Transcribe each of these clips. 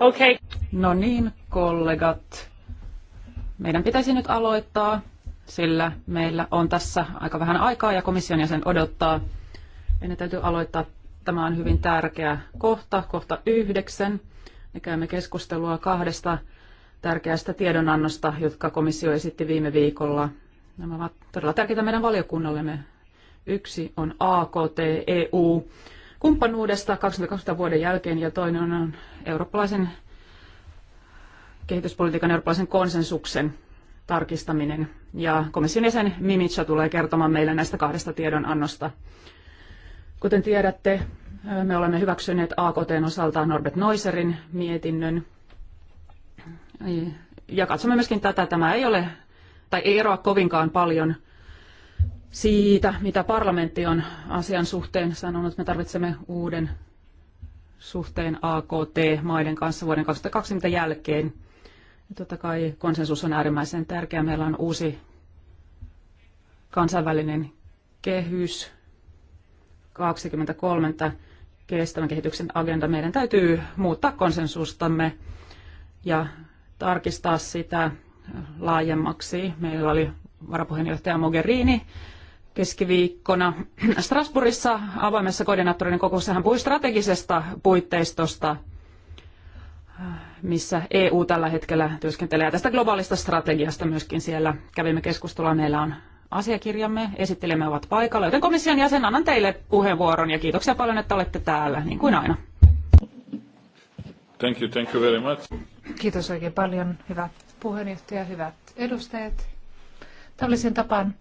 Okay. No niin, kollegat. Meidän pitäisi nyt aloittaa, sillä meillä on tässä aika vähän aikaa ja komission jäsen odottaa. Meidän täytyy aloittaa. Tämä on hyvin tärkeä kohta, kohta yhdeksän. Me käymme keskustelua kahdesta tärkeästä tiedonannosta, jotka komissio esitti viime viikolla. Nämä ovat todella tärkeitä meidän valiokunnallemme. Yksi on AKT EU kumppanuudesta 2020 vuoden jälkeen ja toinen on eurooppalaisen kehityspolitiikan eurooppalaisen konsensuksen tarkistaminen. Ja komission jäsen Mimitsa tulee kertomaan meille näistä kahdesta tiedonannosta. Kuten tiedätte, me olemme hyväksyneet AKTn osalta Norbert Noiserin mietinnön. Ja katsomme myöskin tätä. Tämä ei ole, tai ei eroa kovinkaan paljon – siitä, mitä parlamentti on asian suhteen sanonut. Me tarvitsemme uuden suhteen AKT-maiden kanssa vuoden 2020 jälkeen. Ja totta kai konsensus on äärimmäisen tärkeä. Meillä on uusi kansainvälinen kehys 23 kestävän kehityksen agenda. Meidän täytyy muuttaa konsensustamme ja tarkistaa sitä laajemmaksi. Meillä oli varapuheenjohtaja Mogherini keskiviikkona Strasbourgissa avoimessa koordinaattorin kokouksessa hän puhui strategisesta puitteistosta, missä EU tällä hetkellä työskentelee. Ja tästä globaalista strategiasta myöskin siellä kävimme keskustelua. Meillä on asiakirjamme, esittelemme ovat paikalla, joten komission jäsen annan teille puheenvuoron ja kiitoksia paljon, että olette täällä, niin kuin aina. Thank you, thank you very much. Kiitos oikein paljon, hyvä puheenjohtaja, hyvät edustajat. Tavallisen tapaan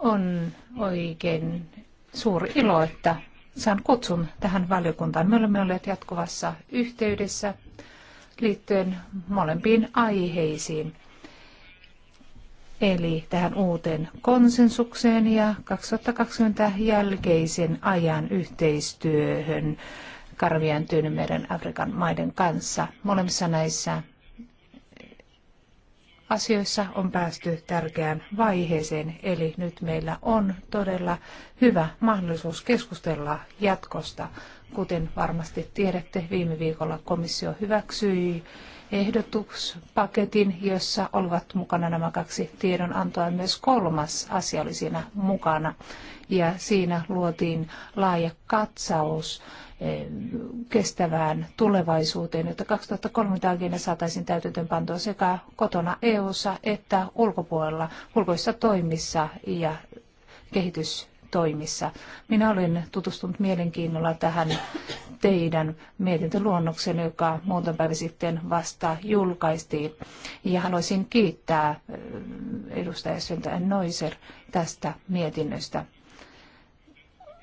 on oikein suuri ilo, että saan kutsun tähän valiokuntaan. Me olemme olleet jatkuvassa yhteydessä liittyen molempiin aiheisiin, eli tähän uuteen konsensukseen ja 2020 jälkeisen ajan yhteistyöhön Karvian Tyynymeren Afrikan maiden kanssa. Molemmissa näissä asioissa on päästy tärkeään vaiheeseen, eli nyt meillä on todella hyvä mahdollisuus keskustella jatkosta. Kuten varmasti tiedätte, viime viikolla komissio hyväksyi ehdotuspaketin, jossa olivat mukana nämä kaksi tiedonantoa ja myös kolmas asia oli siinä mukana. Ja siinä luotiin laaja katsaus kestävään tulevaisuuteen, jotta 2030 agenda saataisiin täytäntöönpantoa sekä kotona EU:ssa että ulkopuolella, ulkoisissa toimissa ja kehitys toimissa. Minä olen tutustunut mielenkiinnolla tähän teidän mietintöluonnokseen, joka muutama päivä sitten vasta julkaistiin. Ja haluaisin kiittää eh, edustaja Söntä Noiser tästä mietinnöstä.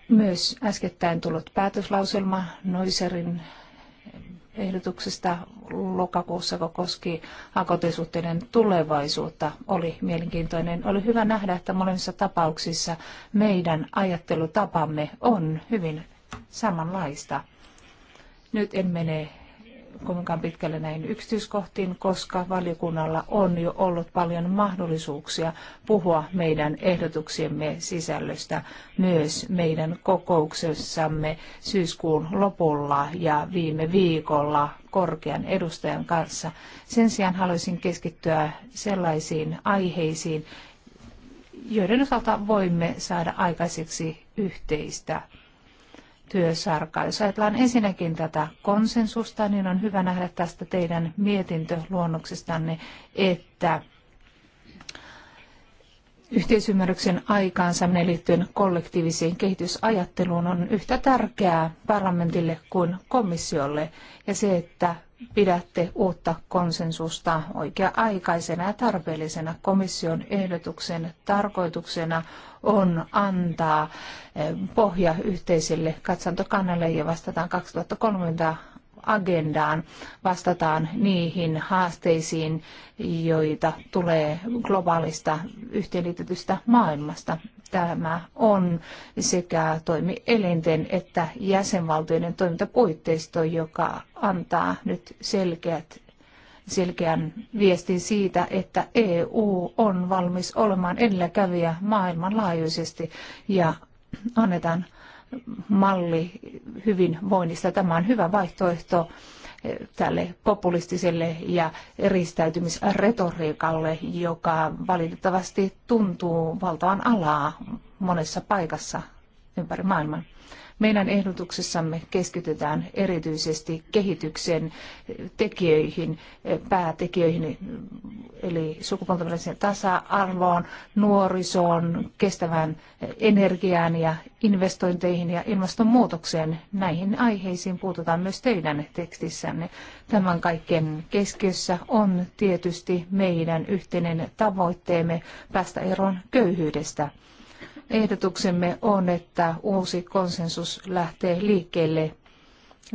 Myös äskettäin tullut päätöslauselma Noiserin ehdotuksesta lokakuussa, joka koski akotisuhteiden tulevaisuutta, oli mielenkiintoinen. Oli hyvä nähdä, että molemmissa tapauksissa meidän ajattelutapamme on hyvin samanlaista. Nyt en mene kovinkaan pitkälle näin yksityiskohtiin, koska valiokunnalla on jo ollut paljon mahdollisuuksia puhua meidän ehdotuksiemme sisällöstä myös meidän kokouksessamme syyskuun lopulla ja viime viikolla korkean edustajan kanssa. Sen sijaan haluaisin keskittyä sellaisiin aiheisiin, joiden osalta voimme saada aikaiseksi yhteistä työsarkaa. Jos ajatellaan ensinnäkin tätä konsensusta, niin on hyvä nähdä tästä teidän mietintöluonnoksestanne, että yhteisymmärryksen aikaansaaminen liittyen kollektiiviseen kehitysajatteluun on yhtä tärkeää parlamentille kuin komissiolle. Ja se, että pidätte uutta konsensusta oikea-aikaisena ja tarpeellisena. Komission ehdotuksen tarkoituksena on antaa eh, pohja yhteiselle katsantokannalle ja vastataan 2030 agendaan, vastataan niihin haasteisiin, joita tulee globaalista yhteenliitetystä maailmasta tämä on sekä toimielinten että jäsenvaltioiden toimintapuitteisto, joka antaa nyt selkeät selkeän viestin siitä, että EU on valmis olemaan edelläkävijä maailmanlaajuisesti ja annetaan malli hyvinvoinnista. Tämä on hyvä vaihtoehto tälle populistiselle ja eristäytymisretoriikalle, joka valitettavasti tuntuu valtavan alaa monessa paikassa ympäri maailman. Meidän ehdotuksessamme keskitytään erityisesti kehityksen tekijöihin, päätekijöihin, eli sukupuolten väliseen tasa-arvoon, nuorisoon, kestävään energiaan ja investointeihin ja ilmastonmuutokseen. Näihin aiheisiin puututaan myös teidän tekstissänne. Tämän kaiken keskiössä on tietysti meidän yhteinen tavoitteemme päästä eroon köyhyydestä. Ehdotuksemme on, että uusi konsensus lähtee liikkeelle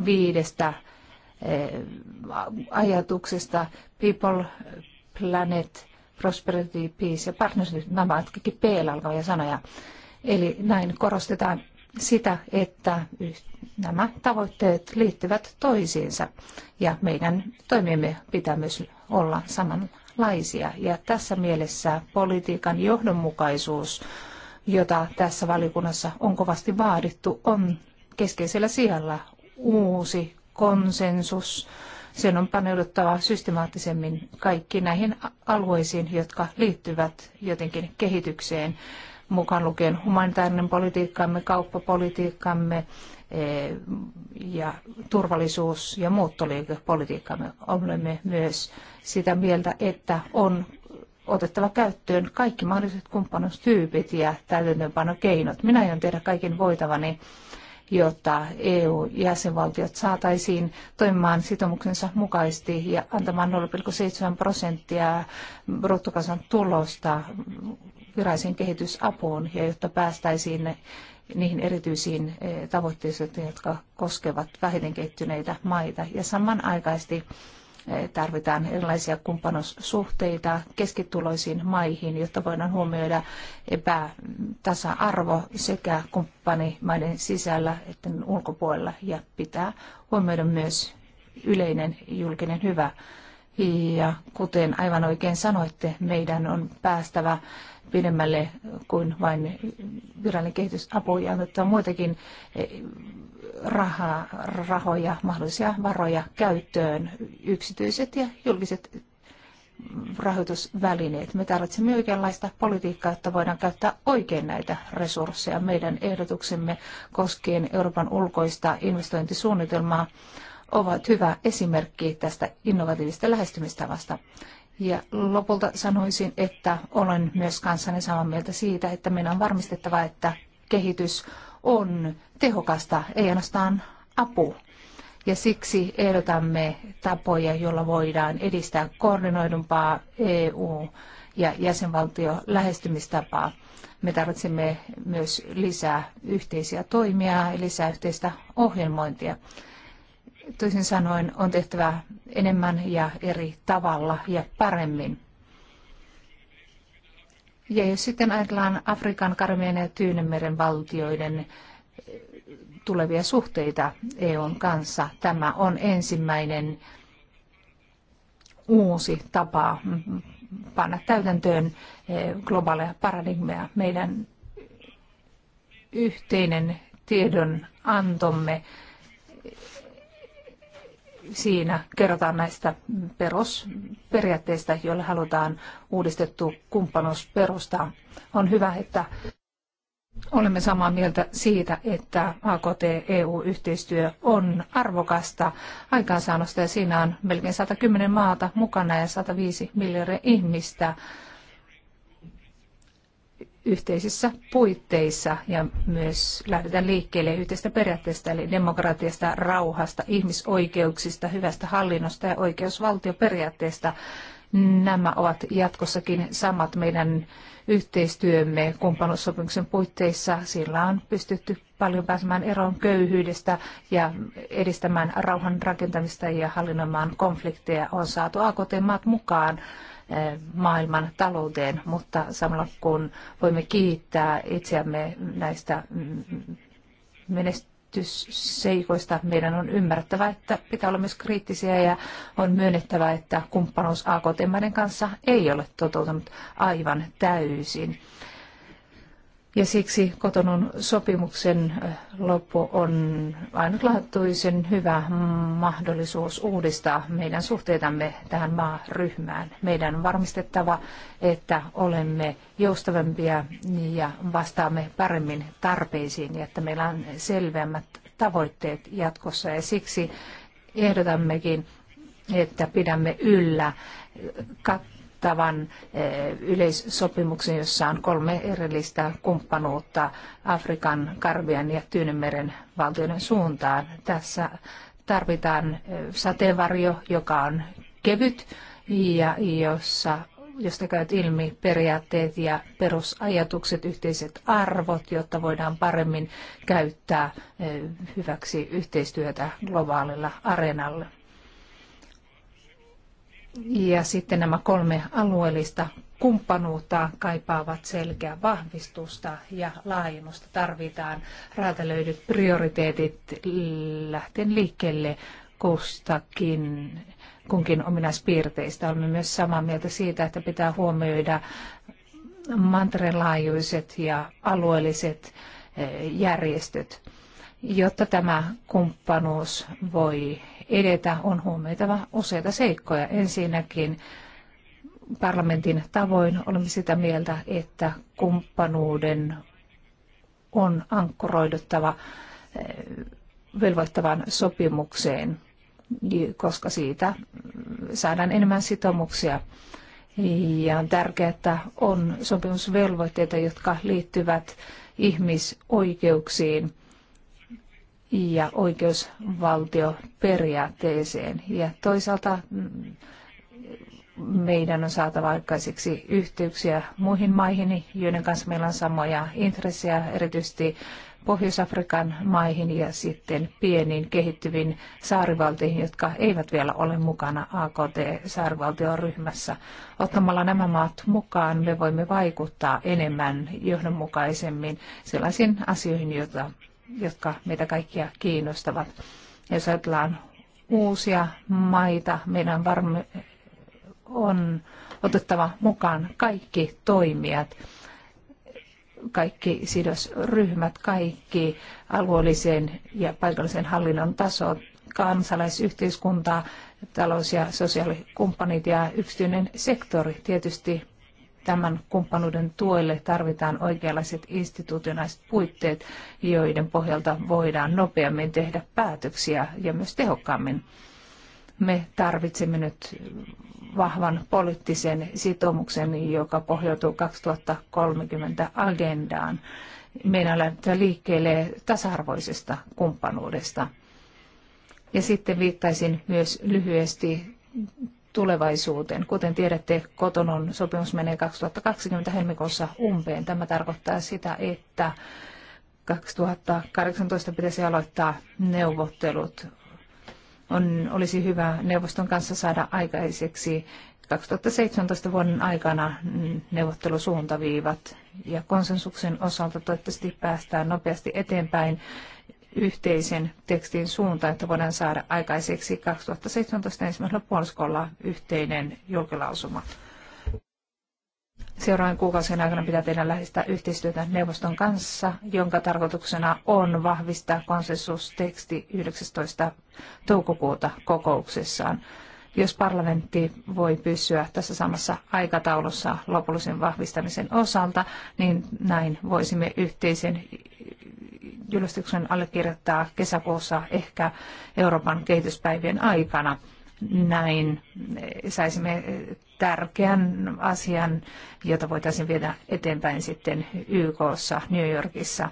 viidestä eh, ajatuksesta People, Planet, Prosperity, Peace ja Partnership. Nämä ovat kaikki p alkavia sanoja. Eli näin korostetaan sitä, että nämä tavoitteet liittyvät toisiinsa ja meidän toimimme pitää myös olla samanlaisia. Ja tässä mielessä politiikan johdonmukaisuus jota tässä valiokunnassa on kovasti vaadittu, on keskeisellä sijalla uusi konsensus. Sen on paneuduttava systemaattisemmin kaikki näihin alueisiin, jotka liittyvät jotenkin kehitykseen, mukaan lukien humanitaarinen politiikkamme, kauppapolitiikkamme eh, ja turvallisuus- ja muuttoliikepolitiikkamme. Olemme myös sitä mieltä, että on otettava käyttöön kaikki mahdolliset kumppanuustyypit ja täytäntöönpanokeinot. Minä aion tehdä kaiken voitavani, jotta EU-jäsenvaltiot saataisiin toimimaan sitoumuksensa mukaisesti ja antamaan 0,7 prosenttia bruttokansan tulosta viraisen kehitysapuun ja jotta päästäisiin niihin erityisiin eh, tavoitteisiin, jotka koskevat vähiten kehittyneitä maita. Ja samanaikaisesti tarvitaan erilaisia kumppanuussuhteita keskituloisiin maihin, jotta voidaan huomioida epätasa-arvo sekä kumppanimaiden sisällä että ulkopuolella ja pitää huomioida myös yleinen julkinen hyvä. Ja kuten aivan oikein sanoitte, meidän on päästävä pidemmälle kuin vain virallinen kehitysapu ja otetaan muitakin eh, rahaa, rahoja, mahdollisia varoja käyttöön, yksityiset ja julkiset rahoitusvälineet. Me tarvitsemme oikeanlaista politiikkaa, että voidaan käyttää oikein näitä resursseja. Meidän ehdotuksemme koskien Euroopan ulkoista investointisuunnitelmaa ovat hyvä esimerkki tästä innovatiivisesta lähestymistavasta. Ja lopulta sanoisin, että olen myös kanssani samaa mieltä siitä, että meidän on varmistettava, että kehitys on tehokasta, ei ainoastaan apu. Ja siksi ehdotamme tapoja, joilla voidaan edistää koordinoidumpaa EU- ja jäsenvaltio lähestymistapaa. Me tarvitsemme myös lisää yhteisiä toimia, lisää yhteistä ohjelmointia toisin sanoen on tehtävä enemmän ja eri tavalla ja paremmin. Ja jos sitten ajatellaan Afrikan, Karmeen ja Tyynemeren valtioiden eh, tulevia suhteita EUn kanssa, tämä on ensimmäinen uusi tapa panna täytäntöön eh, globaaleja paradigmeja. Meidän yhteinen tiedonantomme siinä kerrotaan näistä perusperiaatteista, joille halutaan uudistettu kumppanuus perustaa. On hyvä, että olemme samaa mieltä siitä, että AKT-EU-yhteistyö on arvokasta aikaansaannosta ja siinä on melkein 110 maata mukana ja 105 miljardia ihmistä yhteisissä puitteissa ja myös lähdetään liikkeelle yhteistä periaatteesta eli demokratiasta, rauhasta, ihmisoikeuksista, hyvästä hallinnosta ja oikeusvaltioperiaatteesta. Nämä ovat jatkossakin samat meidän yhteistyömme kumppanuussopimuksen puitteissa. Sillä on pystytty paljon pääsemään eroon köyhyydestä ja edistämään rauhan rakentamista ja hallinnoimaan konflikteja. On saatu AKT-maat mukaan maailman talouteen, mutta samalla kun voimme kiittää itseämme näistä menestysseikoista, meidän on ymmärrettävä, että pitää olla myös kriittisiä ja on myönnettävä, että kumppanuus AKT-maiden kanssa ei ole toteutunut aivan täysin. Ja siksi kotonon sopimuksen loppu on ainutlaatuisen hyvä mahdollisuus uudistaa meidän suhteitamme tähän maaryhmään. Meidän on varmistettava, että olemme joustavampia ja vastaamme paremmin tarpeisiin ja että meillä on selvemmät tavoitteet jatkossa. Ja siksi ehdotammekin, että pidämme yllä kat- tavan eh, yleissopimuksen, jossa on kolme erillistä kumppanuutta Afrikan, Karvian ja Tyynemeren valtioiden suuntaan. Tässä tarvitaan eh, sateenvarjo, joka on kevyt ja jossa josta käyt ilmi periaatteet ja perusajatukset, yhteiset arvot, jotta voidaan paremmin käyttää eh, hyväksi yhteistyötä globaalilla areenalla. Ja sitten nämä kolme alueellista kumppanuutta kaipaavat selkeää vahvistusta ja laajennusta. Tarvitaan räätälöidyt prioriteetit lähten liikkeelle kustakin kunkin ominaispiirteistä. Olemme myös samaa mieltä siitä, että pitää huomioida mantereen laajuiset ja alueelliset eh, järjestöt, jotta tämä kumppanuus voi edetä, on huomioitava useita seikkoja. Ensinnäkin parlamentin tavoin olemme sitä mieltä, että kumppanuuden on ankkuroiduttava eh, velvoittavan sopimukseen, koska siitä saadaan enemmän sitoumuksia. Ja on tärkeää, että on sopimusvelvoitteita, jotka liittyvät ihmisoikeuksiin ja oikeusvaltioperiaatteeseen. Ja toisaalta mm, meidän on saatava aikaiseksi yhteyksiä muihin maihin, joiden kanssa meillä on samoja intressejä, erityisesti Pohjois-Afrikan maihin ja sitten pieniin kehittyviin saarivaltioihin, jotka eivät vielä ole mukana akt ryhmässä. Ottamalla nämä maat mukaan me voimme vaikuttaa enemmän johdonmukaisemmin sellaisiin asioihin, joita jotka meitä kaikkia kiinnostavat. Jos ajatellaan uusia maita, meidän varm- on otettava mukaan kaikki toimijat, kaikki sidosryhmät, kaikki alueellisen ja paikallisen hallinnon tasot, kansalaisyhteiskuntaa, talous- ja sosiaalikumppanit ja yksityinen sektori. Tietysti tämän kumppanuuden tuelle tarvitaan oikeanlaiset institutionaaliset puitteet, joiden pohjalta voidaan nopeammin tehdä päätöksiä ja myös tehokkaammin. Me tarvitsemme nyt vahvan poliittisen sitoumuksen, joka pohjautuu 2030 agendaan. Meidän lähtee liikkeelle tasa-arvoisesta kumppanuudesta. Ja sitten viittaisin myös lyhyesti tulevaisuuteen. Kuten tiedätte, kotonon sopimus menee 2020 helmikuussa umpeen. Tämä tarkoittaa sitä, että 2018 pitäisi aloittaa neuvottelut. On, olisi hyvä neuvoston kanssa saada aikaiseksi 2017 vuoden aikana neuvottelusuuntaviivat ja konsensuksen osalta toivottavasti päästään nopeasti eteenpäin yhteisen tekstin suuntaan, että voidaan saada aikaiseksi 2017 ensimmäisellä puoliskolla yhteinen julkilausuma. Seuraavan kuukausien aikana pitää tehdä läheistä yhteistyötä neuvoston kanssa, jonka tarkoituksena on vahvistaa konsensusteksti 19. toukokuuta kokouksessaan jos parlamentti voi pysyä tässä samassa aikataulussa lopullisen vahvistamisen osalta, niin näin voisimme yhteisen julistuksen allekirjoittaa kesäkuussa ehkä Euroopan kehityspäivien aikana. Näin saisimme tärkeän asian, jota voitaisiin viedä eteenpäin sitten YKssa, New Yorkissa.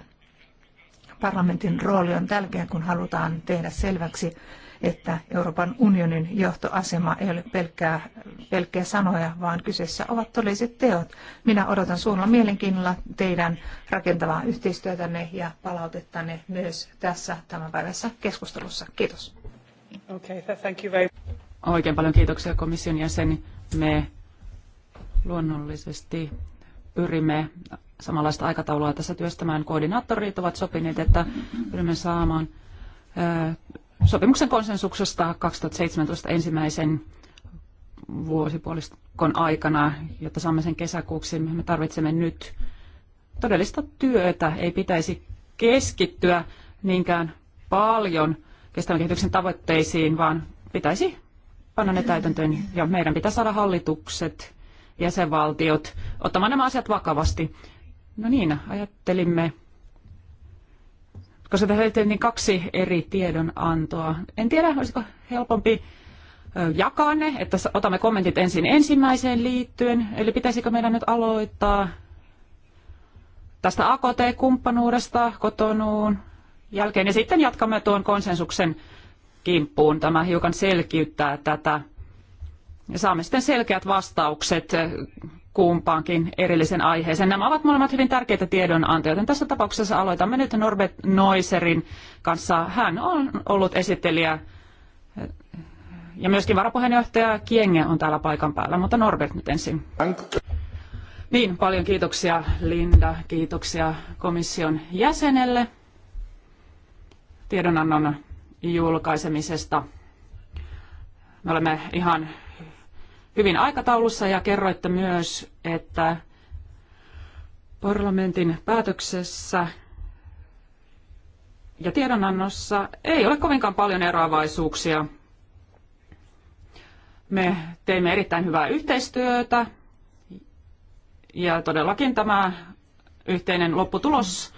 Parlamentin rooli on tärkeä, kun halutaan tehdä selväksi, että Euroopan unionin johtoasema ei ole pelkkää, pelkkää sanoja, vaan kyseessä ovat todelliset teot. Minä odotan suurella mielenkiinnolla teidän rakentavaa yhteistyötänne ja palautettanne myös tässä tämän päivässä keskustelussa. Kiitos. Okay, thank you very... Oikein paljon kiitoksia komission jäsen. Me luonnollisesti pyrimme samanlaista aikataulua tässä työstämään. Koordinaattorit ovat sopineet, että pyrimme saamaan sopimuksen konsensuksesta 2017 ensimmäisen vuosipuoliskon aikana, jotta saamme sen kesäkuuksi. Me tarvitsemme nyt todellista työtä. Ei pitäisi keskittyä niinkään paljon kestävän kehityksen tavoitteisiin, vaan pitäisi panna ne täytäntöön ja meidän pitää saada hallitukset, jäsenvaltiot ottamaan nämä asiat vakavasti. No niin, ajattelimme koska tässä niin kaksi eri tiedonantoa. En tiedä, olisiko helpompi jakaa ne, että otamme kommentit ensin ensimmäiseen liittyen, eli pitäisikö meidän nyt aloittaa tästä AKT-kumppanuudesta kotonuun jälkeen, ja sitten jatkamme tuon konsensuksen kimppuun. Tämä hiukan selkiyttää tätä. Ja saamme sitten selkeät vastaukset kumpaankin erillisen aiheeseen. Nämä ovat molemmat hyvin tärkeitä tiedonantoja, joten tässä tapauksessa aloitamme nyt Norbert Noiserin kanssa. Hän on ollut esittelijä ja myöskin varapuheenjohtaja Kienge on täällä paikan päällä, mutta Norbert nyt ensin. Niin, paljon kiitoksia Linda, kiitoksia komission jäsenelle tiedonannon julkaisemisesta. Me olemme ihan hyvin aikataulussa ja kerroitte myös, että parlamentin päätöksessä ja tiedonannossa ei ole kovinkaan paljon eroavaisuuksia. Me teimme erittäin hyvää yhteistyötä ja todellakin tämä yhteinen lopputulos,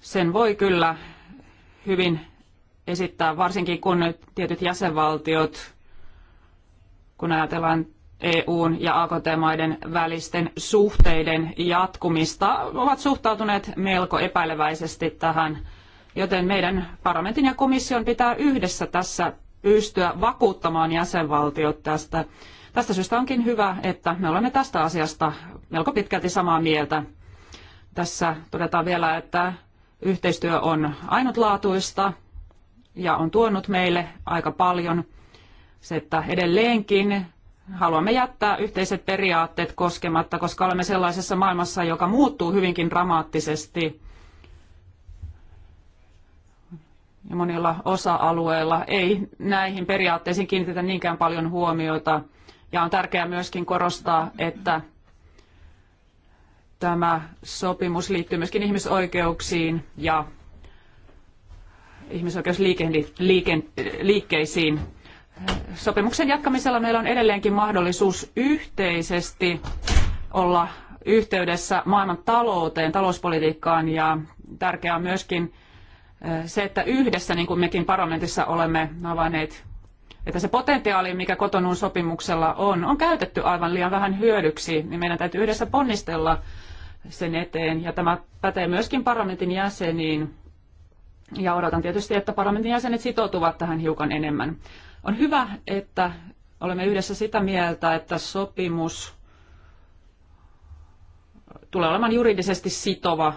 sen voi kyllä hyvin esittää, varsinkin kun tietyt jäsenvaltiot, kun ajatellaan EUn ja AKT-maiden välisten suhteiden jatkumista, ovat suhtautuneet melko epäileväisesti tähän, joten meidän parlamentin ja komission pitää yhdessä tässä pystyä vakuuttamaan jäsenvaltiot tästä. Tästä syystä onkin hyvä, että me olemme tästä asiasta melko pitkälti samaa mieltä. Tässä todetaan vielä, että yhteistyö on ainutlaatuista ja on tuonut meille aika paljon. Se, että edelleenkin haluamme jättää yhteiset periaatteet koskematta, koska olemme sellaisessa maailmassa, joka muuttuu hyvinkin dramaattisesti. Ja monilla osa-alueilla ei näihin periaatteisiin kiinnitetä niinkään paljon huomiota. Ja on tärkeää myöskin korostaa, että tämä sopimus liittyy myöskin ihmisoikeuksiin ja ihmisoikeusliikkeisiin sopimuksen jatkamisella meillä on edelleenkin mahdollisuus yhteisesti olla yhteydessä maailman talouteen, talouspolitiikkaan ja tärkeää on myöskin se, että yhdessä, niin kuin mekin parlamentissa olemme havainneet, että se potentiaali, mikä kotonuun sopimuksella on, on käytetty aivan liian vähän hyödyksi, niin meidän täytyy yhdessä ponnistella sen eteen. Ja tämä pätee myöskin parlamentin jäseniin. Ja odotan tietysti, että parlamentin jäsenet sitoutuvat tähän hiukan enemmän. On hyvä, että olemme yhdessä sitä mieltä, että sopimus tulee olemaan juridisesti sitova.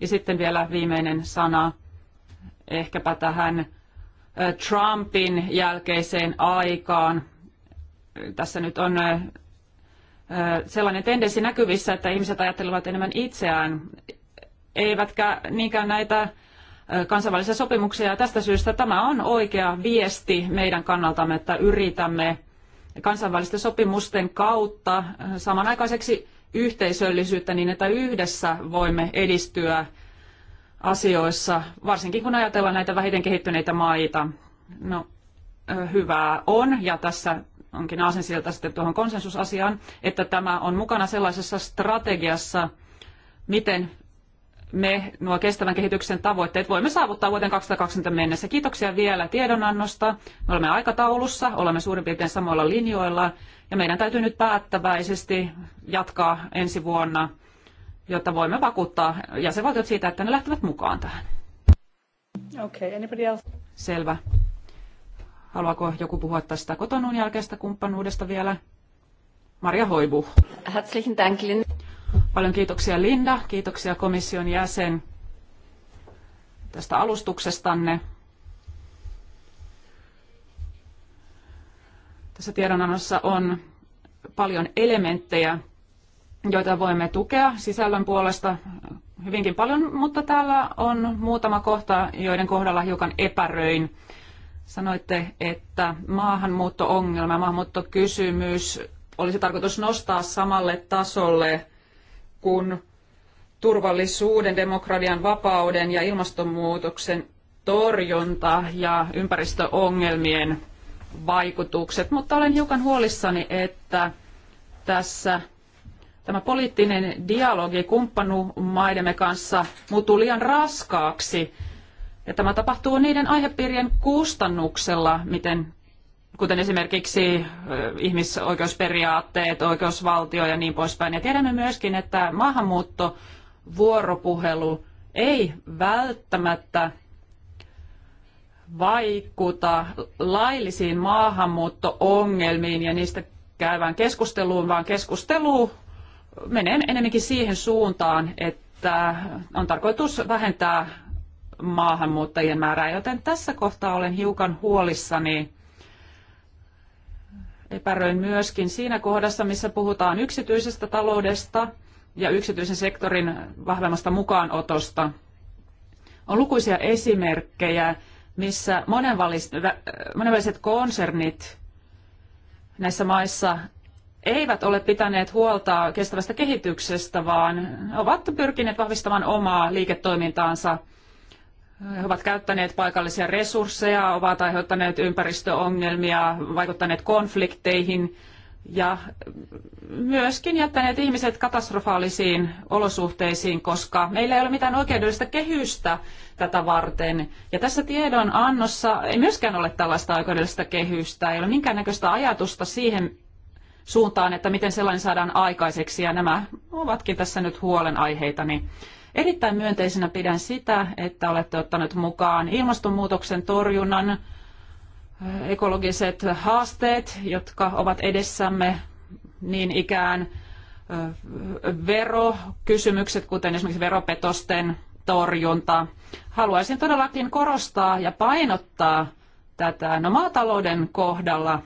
Ja sitten vielä viimeinen sana ehkäpä tähän Trumpin jälkeiseen aikaan. Tässä nyt on sellainen tendenssi näkyvissä, että ihmiset ajattelevat enemmän itseään, eivätkä niinkään näitä kansainvälisiä sopimuksia. Ja tästä syystä tämä on oikea viesti meidän kannaltamme, että yritämme kansainvälisten sopimusten kautta samanaikaiseksi yhteisöllisyyttä niin, että yhdessä voimme edistyä asioissa, varsinkin kun ajatellaan näitä vähiten kehittyneitä maita. No, hyvää on, ja tässä onkin aasinsilta sitten tuohon konsensusasiaan, että tämä on mukana sellaisessa strategiassa, miten me nuo kestävän kehityksen tavoitteet voimme saavuttaa vuoteen 2020 mennessä. Kiitoksia vielä tiedonannosta. Me olemme aikataulussa, olemme suurin piirtein samoilla linjoilla ja meidän täytyy nyt päättäväisesti jatkaa ensi vuonna, jotta voimme vakuuttaa jäsenvaltiot siitä, että ne lähtevät mukaan tähän. Okay, anybody else? Selvä. Haluaako joku puhua tästä kotonun jälkeistä kumppanuudesta vielä? Maria Hoibu. Herzlichen Dank, Paljon kiitoksia Linda, kiitoksia komission jäsen tästä alustuksestanne. Tässä tiedonannossa on paljon elementtejä, joita voimme tukea sisällön puolesta hyvinkin paljon, mutta täällä on muutama kohta, joiden kohdalla hiukan epäröin. Sanoitte, että maahanmuutto-ongelma, maahanmuuttokysymys olisi tarkoitus nostaa samalle tasolle kun turvallisuuden, demokratian, vapauden ja ilmastonmuutoksen torjunta ja ympäristöongelmien vaikutukset, mutta olen hiukan huolissani, että tässä tämä poliittinen dialogi kumppanumaidemme kanssa muuttuu liian raskaaksi. Ja tämä tapahtuu niiden aihepiirien kustannuksella, miten kuten esimerkiksi ihmisoikeusperiaatteet, oikeusvaltio ja niin poispäin. Ja tiedämme myöskin, että maahanmuutto vuoropuhelu ei välttämättä vaikuta laillisiin maahanmuutto-ongelmiin ja niistä käyvään keskusteluun, vaan keskustelu menee enemmänkin siihen suuntaan, että on tarkoitus vähentää maahanmuuttajien määrää, joten tässä kohtaa olen hiukan huolissani epäröin myöskin siinä kohdassa, missä puhutaan yksityisestä taloudesta ja yksityisen sektorin vahvemmasta mukaanotosta. On lukuisia esimerkkejä, missä monenväliset konsernit näissä maissa eivät ole pitäneet huolta kestävästä kehityksestä, vaan ovat pyrkineet vahvistamaan omaa liiketoimintaansa – he ovat käyttäneet paikallisia resursseja, ovat aiheuttaneet ympäristöongelmia, vaikuttaneet konflikteihin ja myöskin jättäneet ihmiset katastrofaalisiin olosuhteisiin, koska meillä ei ole mitään oikeudellista kehystä tätä varten. Ja tässä tiedon annossa ei myöskään ole tällaista oikeudellista kehystä, ei ole minkäännäköistä ajatusta siihen suuntaan, että miten sellainen saadaan aikaiseksi. Ja nämä ovatkin tässä nyt huolenaiheitani. Niin Erittäin myönteisenä pidän sitä, että olette ottanut mukaan ilmastonmuutoksen torjunnan ekologiset haasteet, jotka ovat edessämme niin ikään verokysymykset, kuten esimerkiksi veropetosten torjunta. Haluaisin todellakin korostaa ja painottaa tätä. No maatalouden kohdalla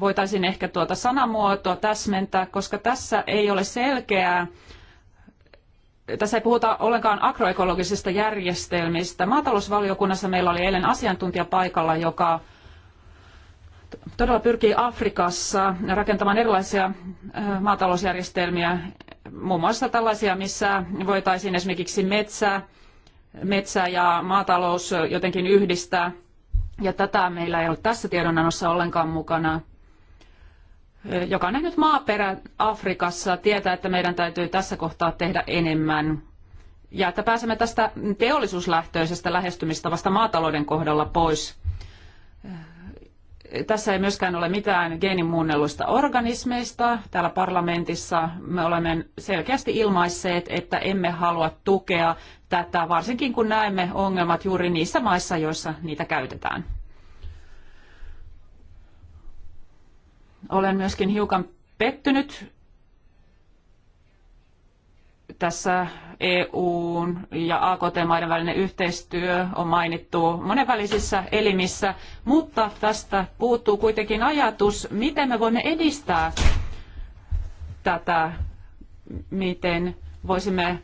voitaisiin ehkä tuota sanamuotoa täsmentää, koska tässä ei ole selkeää tässä ei puhuta ollenkaan agroekologisista järjestelmistä. Maatalousvaliokunnassa meillä oli eilen asiantuntija paikalla, joka todella pyrkii Afrikassa rakentamaan erilaisia maatalousjärjestelmiä, muun muassa tällaisia, missä voitaisiin esimerkiksi metsä, metsä ja maatalous jotenkin yhdistää. Ja tätä meillä ei ole tässä tiedonannossa ollenkaan mukana joka on nähnyt maaperän Afrikassa, tietää, että meidän täytyy tässä kohtaa tehdä enemmän. Ja että pääsemme tästä teollisuuslähtöisestä lähestymistavasta maatalouden kohdalla pois. Tässä ei myöskään ole mitään geenimuunnelluista organismeista. Täällä parlamentissa me olemme selkeästi ilmaisseet, että emme halua tukea tätä, varsinkin kun näemme ongelmat juuri niissä maissa, joissa niitä käytetään. Olen myöskin hiukan pettynyt tässä EUn ja AKT-maiden välinen yhteistyö on mainittu monenvälisissä elimissä, mutta tästä puuttuu kuitenkin ajatus, miten me voimme edistää tätä, miten voisimme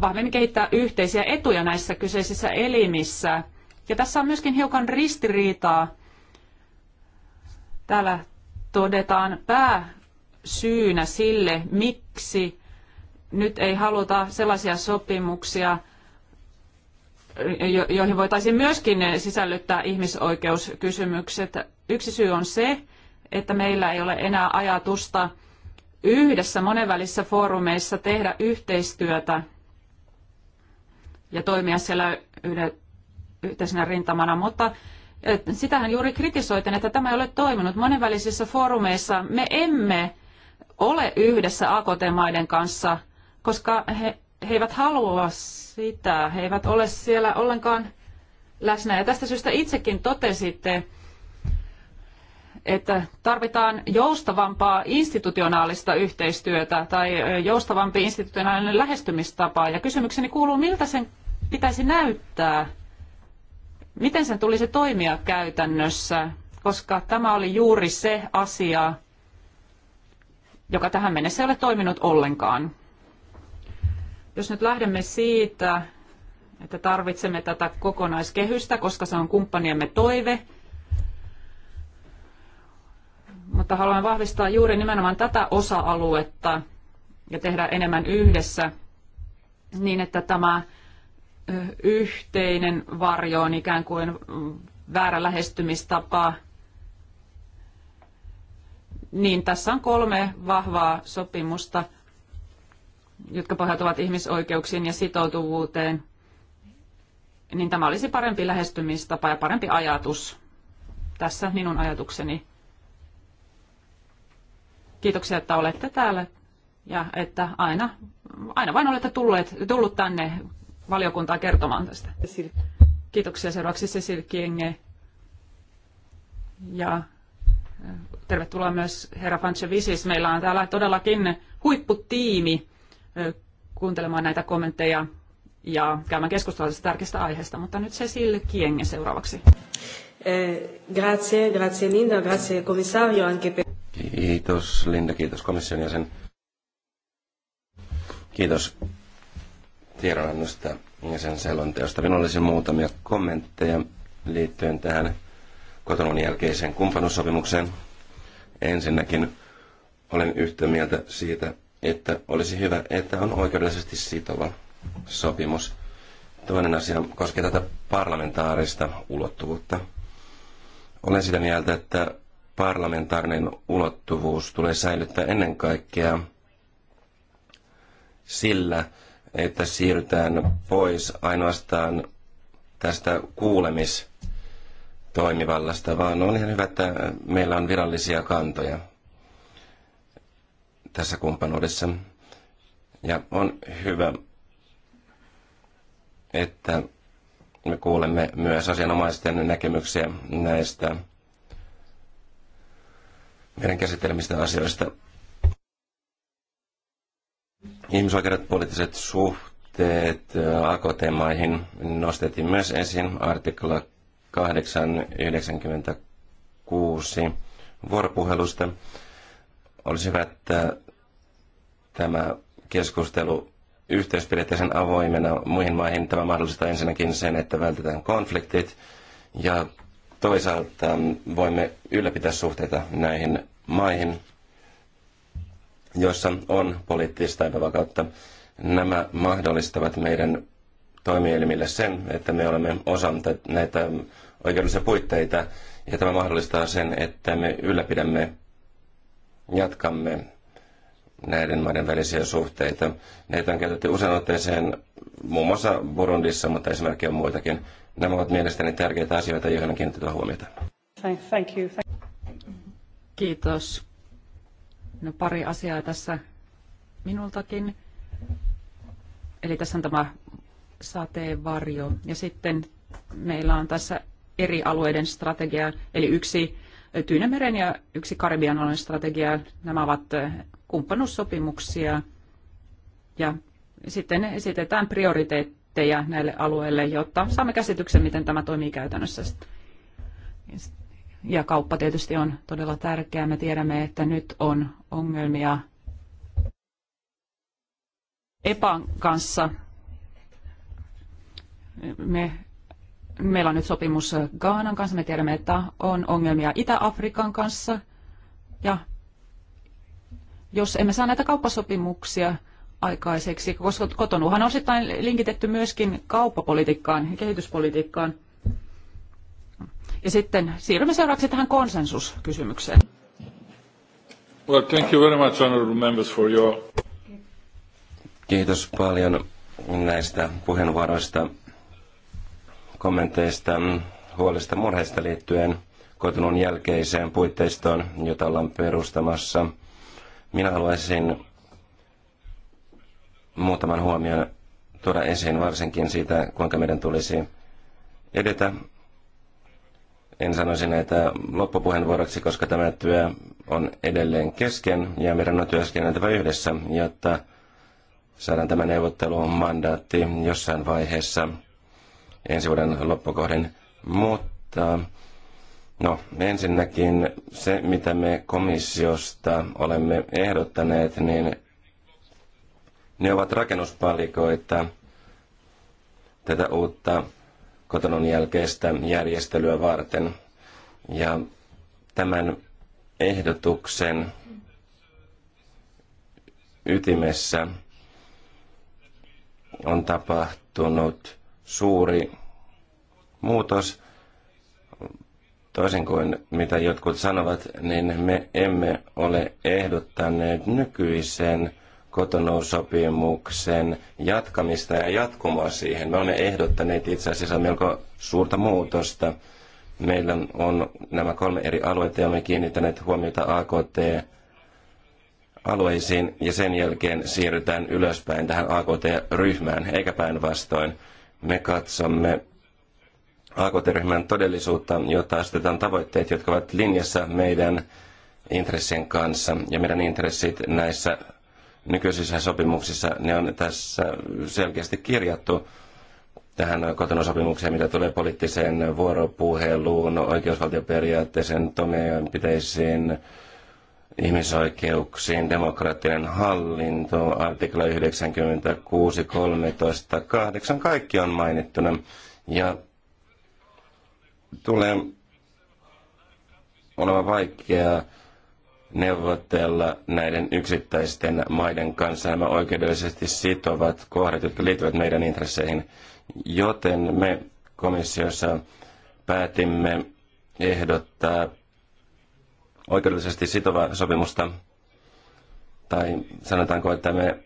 vahvemmin kehittää yhteisiä etuja näissä kyseisissä elimissä. Ja tässä on myöskin hiukan ristiriitaa. Täällä todetaan pääsyynä sille, miksi nyt ei haluta sellaisia sopimuksia, joihin voitaisiin myöskin sisällyttää ihmisoikeuskysymykset. Yksi syy on se, että meillä ei ole enää ajatusta yhdessä monenvälisissä foorumeissa tehdä yhteistyötä ja toimia siellä yhden, yhteisenä rintamana, mutta Sitähän juuri kritisoitin, että tämä ei ole toiminut. Monenvälisissä foorumeissa me emme ole yhdessä AKT-maiden kanssa, koska he, he eivät halua sitä. He eivät ole siellä ollenkaan läsnä. Ja tästä syystä itsekin totesitte, että tarvitaan joustavampaa institutionaalista yhteistyötä tai joustavampi institutionaalinen lähestymistapa. Ja kysymykseni kuuluu, miltä sen pitäisi näyttää? Miten sen tulisi toimia käytännössä? Koska tämä oli juuri se asia, joka tähän mennessä ei ole toiminut ollenkaan. Jos nyt lähdemme siitä, että tarvitsemme tätä kokonaiskehystä, koska se on kumppaniemme toive, mutta haluan vahvistaa juuri nimenomaan tätä osa-aluetta ja tehdä enemmän yhdessä niin, että tämä yhteinen varjo on ikään kuin väärä lähestymistapa. Niin tässä on kolme vahvaa sopimusta, jotka pohjautuvat ihmisoikeuksiin ja sitoutuvuuteen. Niin tämä olisi parempi lähestymistapa ja parempi ajatus. Tässä minun ajatukseni. Kiitoksia, että olette täällä ja että aina, aina vain olette tulleet, tullut tänne valiokuntaa kertomaan tästä. Kiitoksia seuraavaksi Cecil Kienge. Ja äh, tervetuloa myös herra Fanchevisis. Meillä on täällä todellakin huipputiimi äh, kuuntelemaan näitä kommentteja ja käymään keskustelua tästä tärkeästä aiheesta. Mutta nyt Cecil Kienge seuraavaksi. Eh, grazie, grazie Linda, grazie komissario anche per... Kiitos Linda, kiitos komission jäsen. Kiitos tiedonannosta ja sen selonteosta. Minulla olisi muutamia kommentteja liittyen tähän kotonun jälkeiseen kumppanuussopimukseen. Ensinnäkin olen yhtä mieltä siitä, että olisi hyvä, että on oikeudellisesti sitova sopimus. Toinen asia koskee tätä parlamentaarista ulottuvuutta. Olen sitä mieltä, että parlamentaarinen ulottuvuus tulee säilyttää ennen kaikkea sillä että siirrytään pois ainoastaan tästä kuulemistoimivallasta, vaan on ihan hyvä, että meillä on virallisia kantoja tässä kumppanuudessa. Ja on hyvä, että me kuulemme myös asianomaisten näkemyksiä näistä meidän käsittelemistä asioista. Ihmisoikeudet, poliittiset suhteet AKT-maihin nostettiin myös esiin artikla 896 vuoropuhelusta. Olisi hyvä, että tämä keskustelu yhteysperiaatteisen avoimena muihin maihin. Tämä mahdollistaa ensinnäkin sen, että vältetään konfliktit ja toisaalta voimme ylläpitää suhteita näihin maihin joissa on poliittista epävakautta. Nämä mahdollistavat meidän toimielimille sen, että me olemme osa näitä oikeudellisia puitteita, ja tämä mahdollistaa sen, että me ylläpidämme, jatkamme näiden maiden välisiä suhteita. Näitä on käytetty usein otteeseen muun muassa Burundissa, mutta esimerkiksi on muitakin. Nämä ovat mielestäni tärkeitä asioita, joihin on kiinnitetty huomiota. Thank you. Kiitos. No pari asiaa tässä minultakin. Eli tässä on tämä sateenvarjo. Ja sitten meillä on tässä eri alueiden strategia, eli yksi Tyynemeren ja yksi Karibian alueen strategia. Nämä ovat kumppanuussopimuksia. Ja sitten esitetään prioriteetteja näille alueille, jotta saamme käsityksen, miten tämä toimii käytännössä. Ja kauppa tietysti on todella tärkeää. Me tiedämme, että nyt on ongelmia EPAn kanssa. Me, meillä on nyt sopimus Gaanan kanssa. Me tiedämme, että on ongelmia Itä-Afrikan kanssa. Ja jos emme saa näitä kauppasopimuksia aikaiseksi, koska kotonuhan on osittain linkitetty myöskin kauppapolitiikkaan ja kehityspolitiikkaan – ja sitten siirrymme seuraavaksi tähän konsensuskysymykseen. Well, thank you very much, honorable members, for your... Kiitos paljon näistä puheenvuoroista, kommenteista, huolista, murheista liittyen kotunun jälkeiseen puitteistoon, jota ollaan perustamassa. Minä haluaisin muutaman huomion tuoda esiin varsinkin siitä, kuinka meidän tulisi edetä en sanoisi näitä loppupuheenvuoroksi, koska tämä työ on edelleen kesken ja meidän on työskenneltävä yhdessä, jotta saadaan tämä neuvottelumandaatti jossain vaiheessa ensi vuoden loppukohden. Mutta no, ensinnäkin se, mitä me komissiosta olemme ehdottaneet, niin ne ovat rakennuspalikoita tätä uutta kotonon jälkeistä järjestelyä varten. Ja tämän ehdotuksen ytimessä on tapahtunut suuri muutos. Toisin kuin mitä jotkut sanovat, niin me emme ole ehdottaneet nykyisen kotonousopimuksen jatkamista ja jatkumoa siihen. Me olemme ehdottaneet itse asiassa melko suurta muutosta. Meillä on nämä kolme eri aluetta ja olemme kiinnittäneet huomiota AKT alueisiin ja sen jälkeen siirrytään ylöspäin tähän AKT-ryhmään, eikä päinvastoin. Me katsomme AKT-ryhmän todellisuutta, jotta asetetaan tavoitteet, jotka ovat linjassa meidän intressien kanssa. Ja meidän intressit näissä nykyisissä sopimuksissa. Ne on tässä selkeästi kirjattu tähän kotona sopimukseen, mitä tulee poliittiseen vuoropuheluun, oikeusvaltioperiaatteeseen, toimenpiteisiin, ihmisoikeuksiin, demokraattinen hallinto, artikla 96, 13, 8, kaikki on mainittuna. Ja tulee olemaan vaikea neuvotella näiden yksittäisten maiden kanssa nämä oikeudellisesti sitovat kohdat, jotka liittyvät meidän intresseihin. Joten me komissiossa päätimme ehdottaa oikeudellisesti sitovaa sopimusta, tai sanotaanko, että me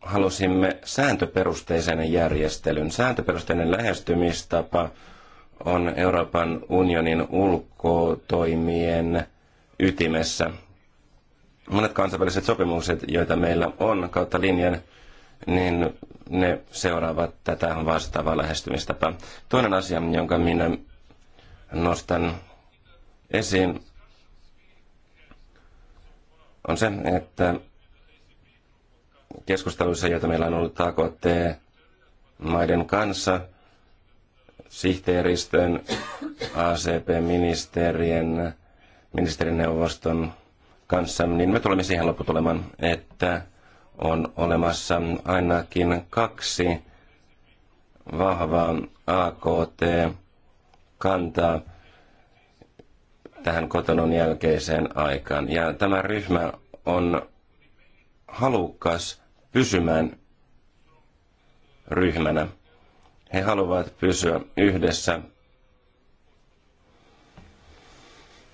halusimme sääntöperusteisen järjestelyn. Sääntöperusteinen lähestymistapa on Euroopan unionin ulkotoimien ytimessä. Monet kansainväliset sopimukset, joita meillä on kautta linjan, niin ne seuraavat tätä vastaavaa lähestymistapaa. Toinen asia, jonka minä nostan esiin, on se, että keskusteluissa, joita meillä on ollut AKT-maiden kanssa, sihteeristön, ACP-ministerien, ministerineuvoston kanssa, niin me tulemme siihen lopputulemaan, että on olemassa ainakin kaksi vahvaa AKT-kantaa tähän kotonon jälkeiseen aikaan. Ja tämä ryhmä on halukkas pysymään ryhmänä. He haluavat pysyä yhdessä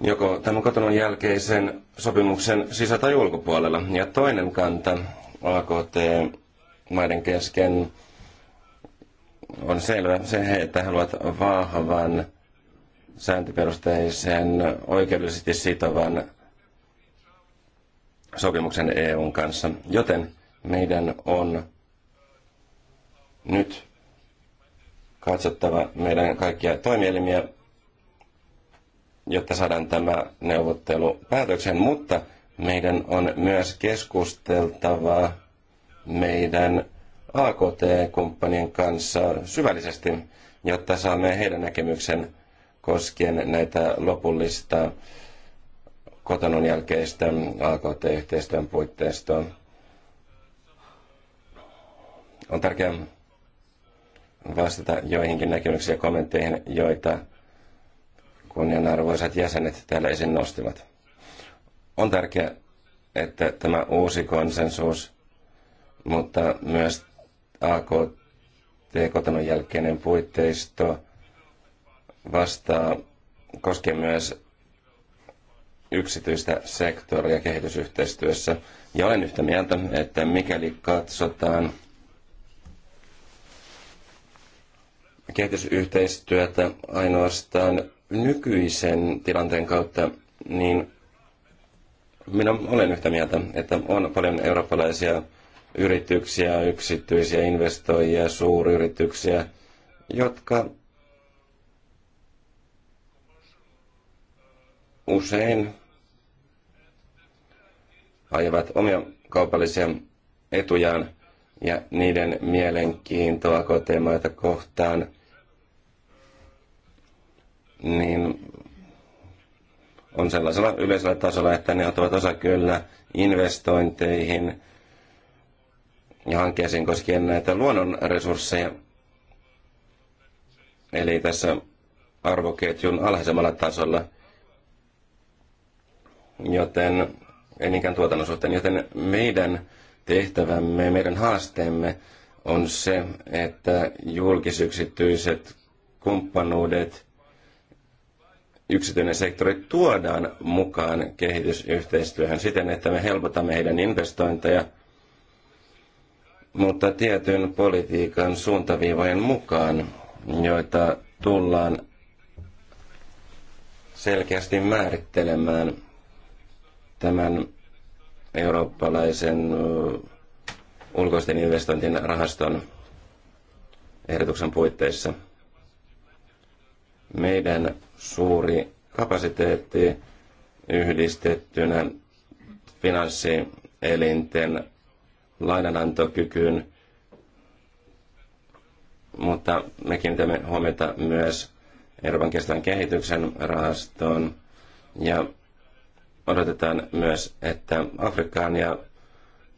joko tämän kotonon jälkeisen sopimuksen sisä- tai ulkopuolella. Ja toinen kanta AKT-maiden kesken on selvä se, että haluat vahvan sääntöperusteisen oikeudellisesti sitovan sopimuksen EUn kanssa. Joten meidän on nyt katsottava meidän kaikkia toimielimiä jotta saadaan tämä neuvottelu päätöksen, mutta meidän on myös keskusteltava meidän AKT-kumppanien kanssa syvällisesti, jotta saamme heidän näkemyksen koskien näitä lopullista kotonon jälkeistä AKT-yhteistyön puitteista. On tärkeää vastata joihinkin näkemyksiin ja kommentteihin, joita kunnianarvoisat jäsenet täällä esiin nostivat. On tärkeää, että tämä uusi konsensus, mutta myös AKT-kotonon jälkeinen puitteisto vastaa, koskee myös yksityistä sektoria kehitysyhteistyössä. Ja olen yhtä mieltä, että mikäli katsotaan kehitysyhteistyötä ainoastaan nykyisen tilanteen kautta, niin minä olen yhtä mieltä, että on paljon eurooppalaisia yrityksiä, yksityisiä investoijia, suuryrityksiä, jotka usein ajavat omia kaupallisia etujaan ja niiden mielenkiintoa kotimaita kohtaan niin on sellaisella yleisellä tasolla, että ne ottavat osa kyllä investointeihin ja hankkeisiin koskien näitä luonnonresursseja. Eli tässä arvoketjun alhaisemmalla tasolla, joten ei tuotannon suhteen. Joten meidän tehtävämme, meidän haasteemme on se, että julkisyksityiset kumppanuudet – yksityinen sektori tuodaan mukaan kehitysyhteistyöhön siten, että me helpotamme heidän investointeja, mutta tietyn politiikan suuntaviivojen mukaan, joita tullaan selkeästi määrittelemään tämän eurooppalaisen ulkoisten investointien rahaston ehdotuksen puitteissa – meidän suuri kapasiteetti yhdistettynä finanssielinten lainanantokykyyn, mutta me kiinnitämme huomiota myös Euroopan kestävän kehityksen rahastoon ja odotetaan myös, että Afrikkaan ja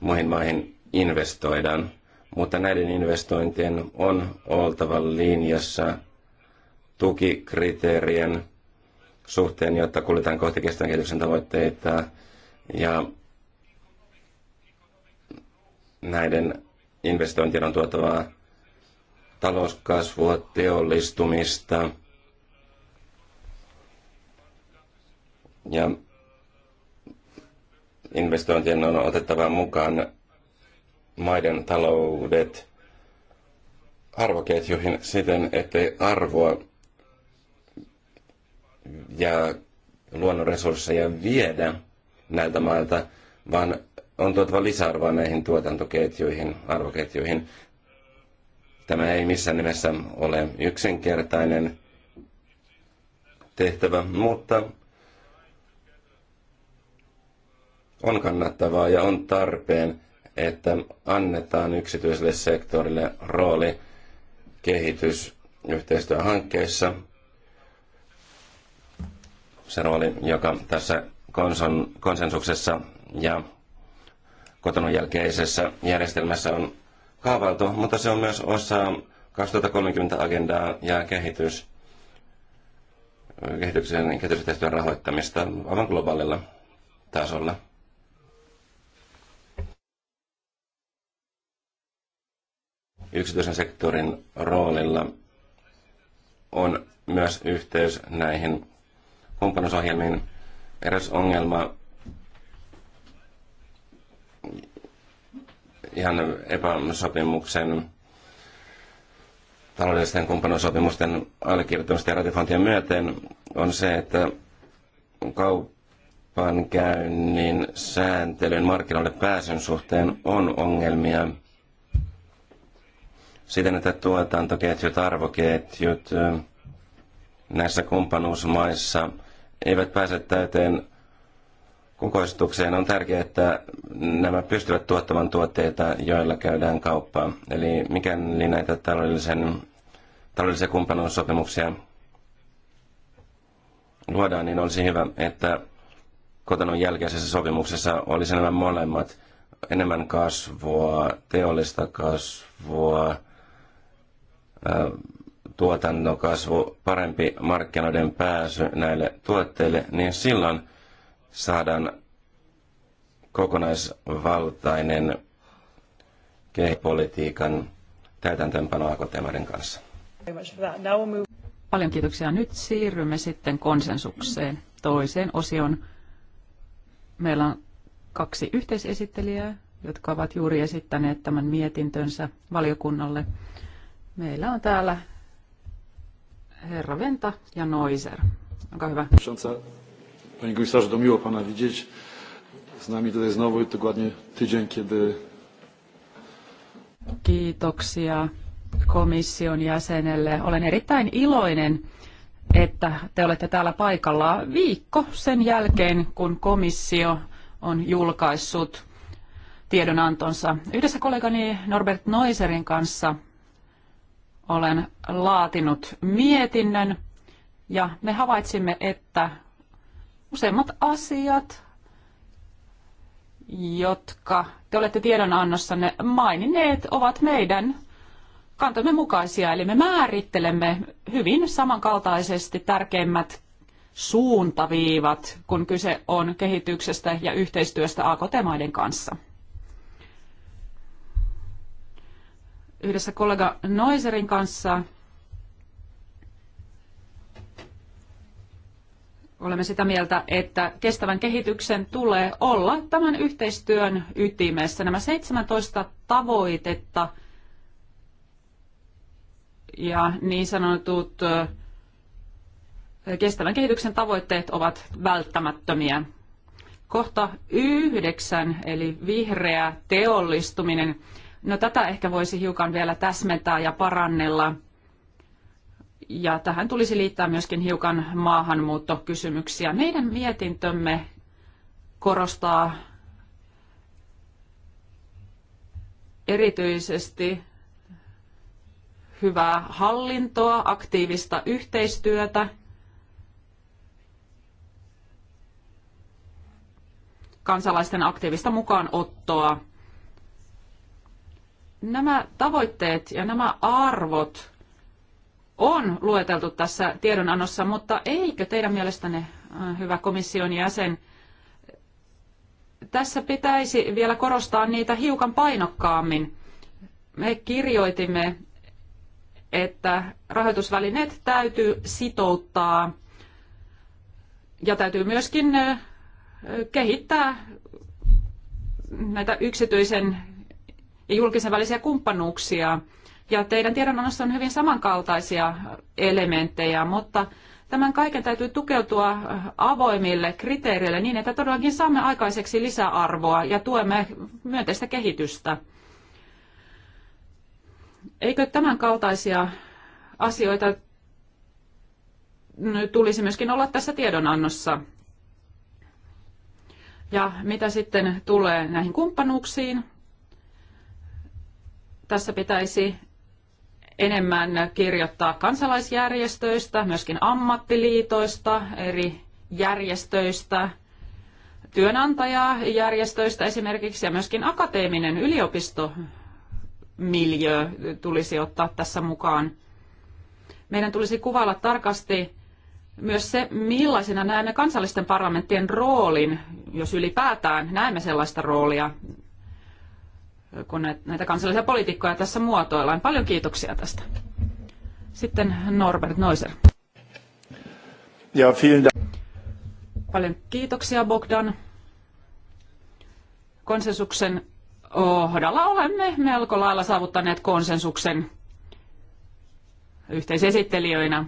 muihin maihin investoidaan, mutta näiden investointien on oltava linjassa – tukikriteerien suhteen, jotta kuljetaan kohti kestävän kehityksen tavoitteita ja näiden investointien on tuotavaa talouskasvua, teollistumista ja investointien on otettava mukaan maiden taloudet arvoketjuihin siten, ettei arvoa ja luonnonresursseja viedä näiltä mailta, vaan on tuotava lisäarvoa näihin tuotantoketjuihin, arvoketjuihin. Tämä ei missään nimessä ole yksinkertainen tehtävä, mutta on kannattavaa ja on tarpeen, että annetaan yksityiselle sektorille rooli kehitysyhteistyöhankkeissa – se rooli, joka tässä konson, konsensuksessa ja kotonon jälkeisessä järjestelmässä on kaavailtu, mutta se on myös osa 2030-agendaa ja kehitys, kehityksen kehitysyhteistyön rahoittamista aivan globaalilla tasolla. Yksityisen sektorin roolilla on myös yhteys näihin kumppanuusohjelmiin eräs ongelma ihan epäsopimuksen taloudellisten kumppanuussopimusten allekirjoittamisten ja ratifointien myöten on se, että kaupankäynnin sääntelyn markkinoille pääsyn suhteen on ongelmia siten, että tuotantoketjut, arvoketjut näissä kumppanuusmaissa – eivät pääse täyteen kukoistukseen, on tärkeää, että nämä pystyvät tuottamaan tuotteita, joilla käydään kauppaa. Eli mikäli näitä taloudellisen, taloudellisia kumppanuussopimuksia luodaan, niin olisi hyvä, että kotonon jälkeisessä sopimuksessa olisi nämä molemmat enemmän kasvua, teollista kasvua, tuotantokasvu, parempi markkinoiden pääsy näille tuotteille, niin silloin saadaan kokonaisvaltainen kehityspolitiikan täytäntöönpano Akoteemarin kanssa. Paljon kiitoksia. Nyt siirrymme sitten konsensukseen, toiseen osioon. Meillä on kaksi yhteisesittelijää, jotka ovat juuri esittäneet tämän mietintönsä valiokunnalle. Meillä on täällä herra Venta ja Noiser. Olkaa hyvä. Panie komisarzu, to miło Pana widzieć. Z nami tutaj znowu dokładnie tydzień, kiedy... Kiitoksia komission jäsenelle. Olen erittäin iloinen, että te olette täällä paikalla viikko sen jälkeen, kun komissio on julkaissut tiedonantonsa. Yhdessä kollegani Norbert Noiserin kanssa – olen laatinut mietinnön ja me havaitsimme, että useimmat asiat, jotka te olette tiedonannossanne maininneet, ovat meidän kantamme mukaisia. Eli me määrittelemme hyvin samankaltaisesti tärkeimmät suuntaviivat, kun kyse on kehityksestä ja yhteistyöstä AKT-maiden kanssa. yhdessä kollega Noiserin kanssa olemme sitä mieltä, että kestävän kehityksen tulee olla tämän yhteistyön ytimessä. Nämä 17 tavoitetta ja niin sanotut kestävän kehityksen tavoitteet ovat välttämättömiä. Kohta yhdeksän, eli vihreä teollistuminen. No tätä ehkä voisi hiukan vielä täsmentää ja parannella. Ja tähän tulisi liittää myöskin hiukan maahanmuuttokysymyksiä. Meidän mietintömme korostaa erityisesti hyvää hallintoa, aktiivista yhteistyötä. kansalaisten aktiivista mukaanottoa nämä tavoitteet ja nämä arvot on lueteltu tässä tiedonannossa, mutta eikö teidän mielestänne, äh, hyvä komission jäsen, tässä pitäisi vielä korostaa niitä hiukan painokkaammin. Me kirjoitimme, että rahoitusvälineet täytyy sitouttaa ja täytyy myöskin äh, kehittää näitä yksityisen ja julkisen välisiä kumppanuuksia. Ja teidän tiedonannossa on hyvin samankaltaisia elementtejä, mutta tämän kaiken täytyy tukeutua avoimille kriteereille niin, että todellakin saamme aikaiseksi lisäarvoa ja tuemme myönteistä kehitystä. Eikö tämän kaltaisia asioita tulisi myöskin olla tässä tiedonannossa? Ja mitä sitten tulee näihin kumppanuuksiin, tässä pitäisi enemmän kirjoittaa kansalaisjärjestöistä, myöskin ammattiliitoista, eri järjestöistä, työnantajajärjestöistä esimerkiksi ja myöskin akateeminen yliopistomiljö tulisi ottaa tässä mukaan. Meidän tulisi kuvailla tarkasti myös se, millaisena näemme kansallisten parlamenttien roolin, jos ylipäätään näemme sellaista roolia kun näitä kansallisia poliitikkoja tässä muotoillaan. Paljon kiitoksia tästä. Sitten Norbert Noiser. Ja, Paljon kiitoksia Bogdan. Konsensuksen kohdalla olemme melko lailla saavuttaneet konsensuksen yhteisesittelijöinä.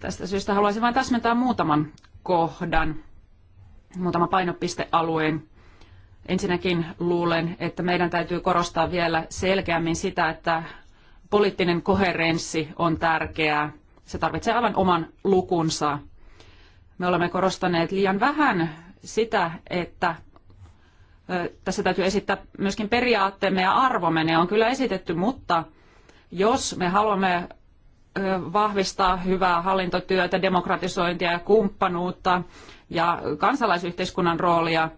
Tästä syystä haluaisin vain täsmentää muutaman kohdan, muutama painopistealueen. Ensinnäkin luulen, että meidän täytyy korostaa vielä selkeämmin sitä, että poliittinen koherenssi on tärkeää. Se tarvitsee aivan oman lukunsa. Me olemme korostaneet liian vähän sitä, että tässä täytyy esittää myöskin periaatteemme ja arvomme. Ne on kyllä esitetty, mutta jos me haluamme vahvistaa hyvää hallintotyötä, demokratisointia ja kumppanuutta ja kansalaisyhteiskunnan roolia –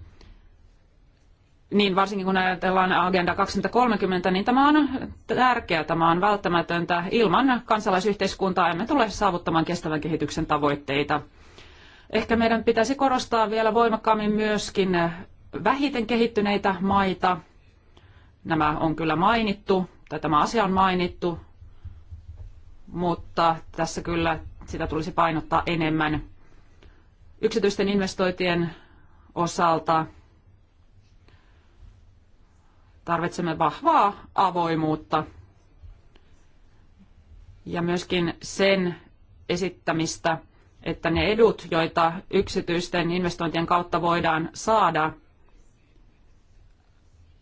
niin varsinkin kun ajatellaan Agenda 2030, niin tämä on tärkeää, tämä on välttämätöntä. Ilman kansalaisyhteiskuntaa emme tule saavuttamaan kestävän kehityksen tavoitteita. Ehkä meidän pitäisi korostaa vielä voimakkaammin myöskin vähiten kehittyneitä maita. Nämä on kyllä mainittu, tai tämä asia on mainittu, mutta tässä kyllä sitä tulisi painottaa enemmän. Yksityisten investointien osalta tarvitsemme vahvaa avoimuutta ja myöskin sen esittämistä, että ne edut, joita yksityisten investointien kautta voidaan saada,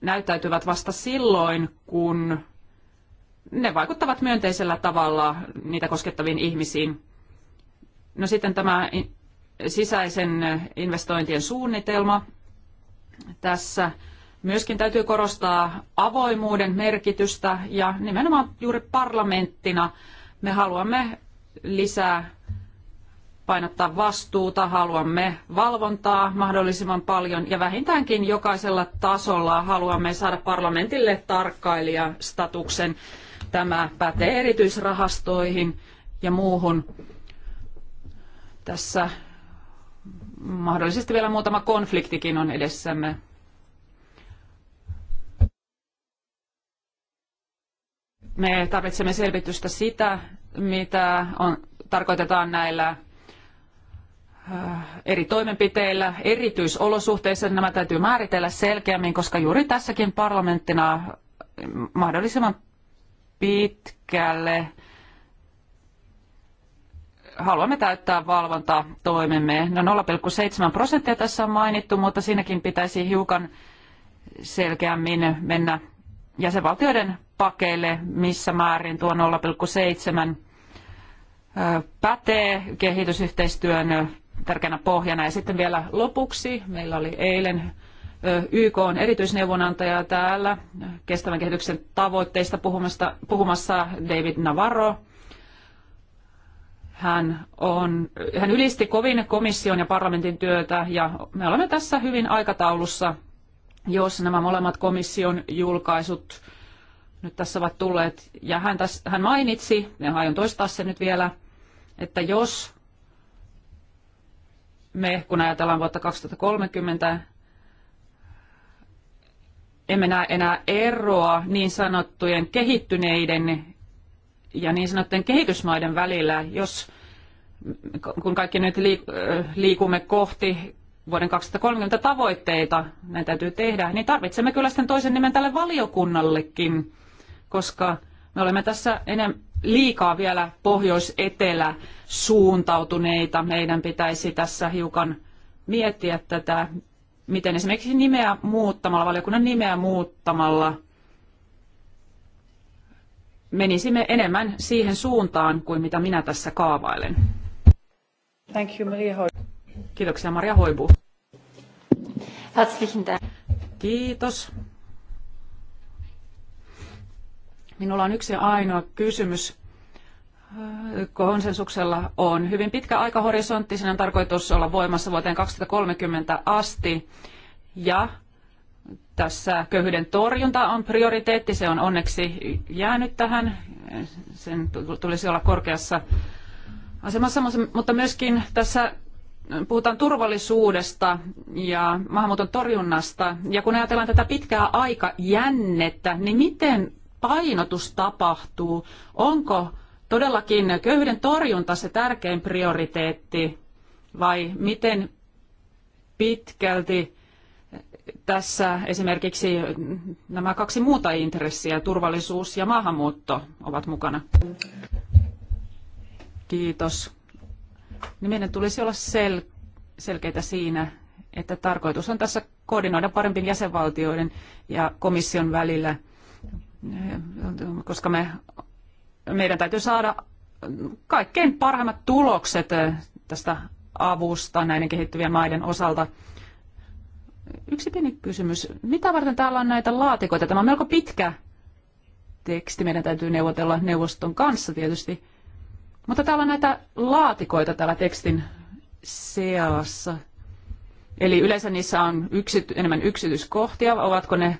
näyttäytyvät vasta silloin, kun ne vaikuttavat myönteisellä tavalla niitä koskettaviin ihmisiin. No sitten tämä sisäisen investointien suunnitelma. Tässä Myöskin täytyy korostaa avoimuuden merkitystä ja nimenomaan juuri parlamenttina me haluamme lisää painottaa vastuuta, haluamme valvontaa mahdollisimman paljon ja vähintäänkin jokaisella tasolla haluamme saada parlamentille tarkkailijastatuksen. Tämä pätee erityisrahastoihin ja muuhun. Tässä mahdollisesti vielä muutama konfliktikin on edessämme. Me tarvitsemme selvitystä sitä, mitä on, tarkoitetaan näillä äh, eri toimenpiteillä, erityisolosuhteissa. Nämä täytyy määritellä selkeämmin, koska juuri tässäkin parlamenttina mm, mahdollisimman pitkälle haluamme täyttää valvontatoimemme. No 0,7 prosenttia tässä on mainittu, mutta siinäkin pitäisi hiukan selkeämmin mennä jäsenvaltioiden pakeille, missä määrin tuo 0,7 pätee kehitysyhteistyön tärkeänä pohjana. Ja sitten vielä lopuksi, meillä oli eilen YK on erityisneuvonantaja täällä kestävän kehityksen tavoitteista puhumassa, puhumassa David Navarro. Hän, on, hän ylisti kovin komission ja parlamentin työtä ja me olemme tässä hyvin aikataulussa jos nämä molemmat komission julkaisut nyt tässä ovat tulleet, ja hän, täs, hän mainitsi, ja aion toistaa sen nyt vielä, että jos me, kun ajatellaan vuotta 2030, emme näe enää eroa niin sanottujen kehittyneiden ja niin sanottujen kehitysmaiden välillä, jos kun kaikki nyt liikumme kohti vuoden 2030 tavoitteita, näin täytyy tehdä, niin tarvitsemme kyllä sitten toisen nimen tälle valiokunnallekin, koska me olemme tässä enemmän liikaa vielä pohjois-etelä suuntautuneita. Meidän pitäisi tässä hiukan miettiä tätä, miten esimerkiksi nimeä muuttamalla, valiokunnan nimeä muuttamalla menisimme enemmän siihen suuntaan kuin mitä minä tässä kaavailen. Thank you, Maria Kiitoksia Maria Hoibu. Herzlichen Dank. Kiitos. Minulla on yksi ainoa kysymys. Konsensuksella on hyvin pitkä aikahorisontti. Sen on tarkoitus olla voimassa vuoteen 2030 asti. Ja tässä köyhyyden torjunta on prioriteetti. Se on onneksi jäänyt tähän. Sen tulisi olla korkeassa asemassa, mutta myöskin tässä puhutaan turvallisuudesta ja maahanmuuton torjunnasta. Ja kun ajatellaan tätä pitkää aikajännettä, niin miten painotus tapahtuu? Onko todellakin köyhyyden torjunta se tärkein prioriteetti vai miten pitkälti tässä esimerkiksi nämä kaksi muuta intressiä, turvallisuus ja maahanmuutto, ovat mukana? Kiitos niin meidän tulisi olla sel- selkeitä siinä, että tarkoitus on tässä koordinoida parempin jäsenvaltioiden ja komission välillä, koska me, meidän täytyy saada kaikkein parhaimmat tulokset tästä avusta näiden kehittyvien maiden osalta. Yksi pieni kysymys. Mitä varten täällä on näitä laatikoita? Tämä on melko pitkä teksti. Meidän täytyy neuvotella neuvoston kanssa tietysti. Mutta täällä on näitä laatikoita täällä tekstin seassa. Eli yleensä niissä on yksity, enemmän yksityiskohtia. Ovatko ne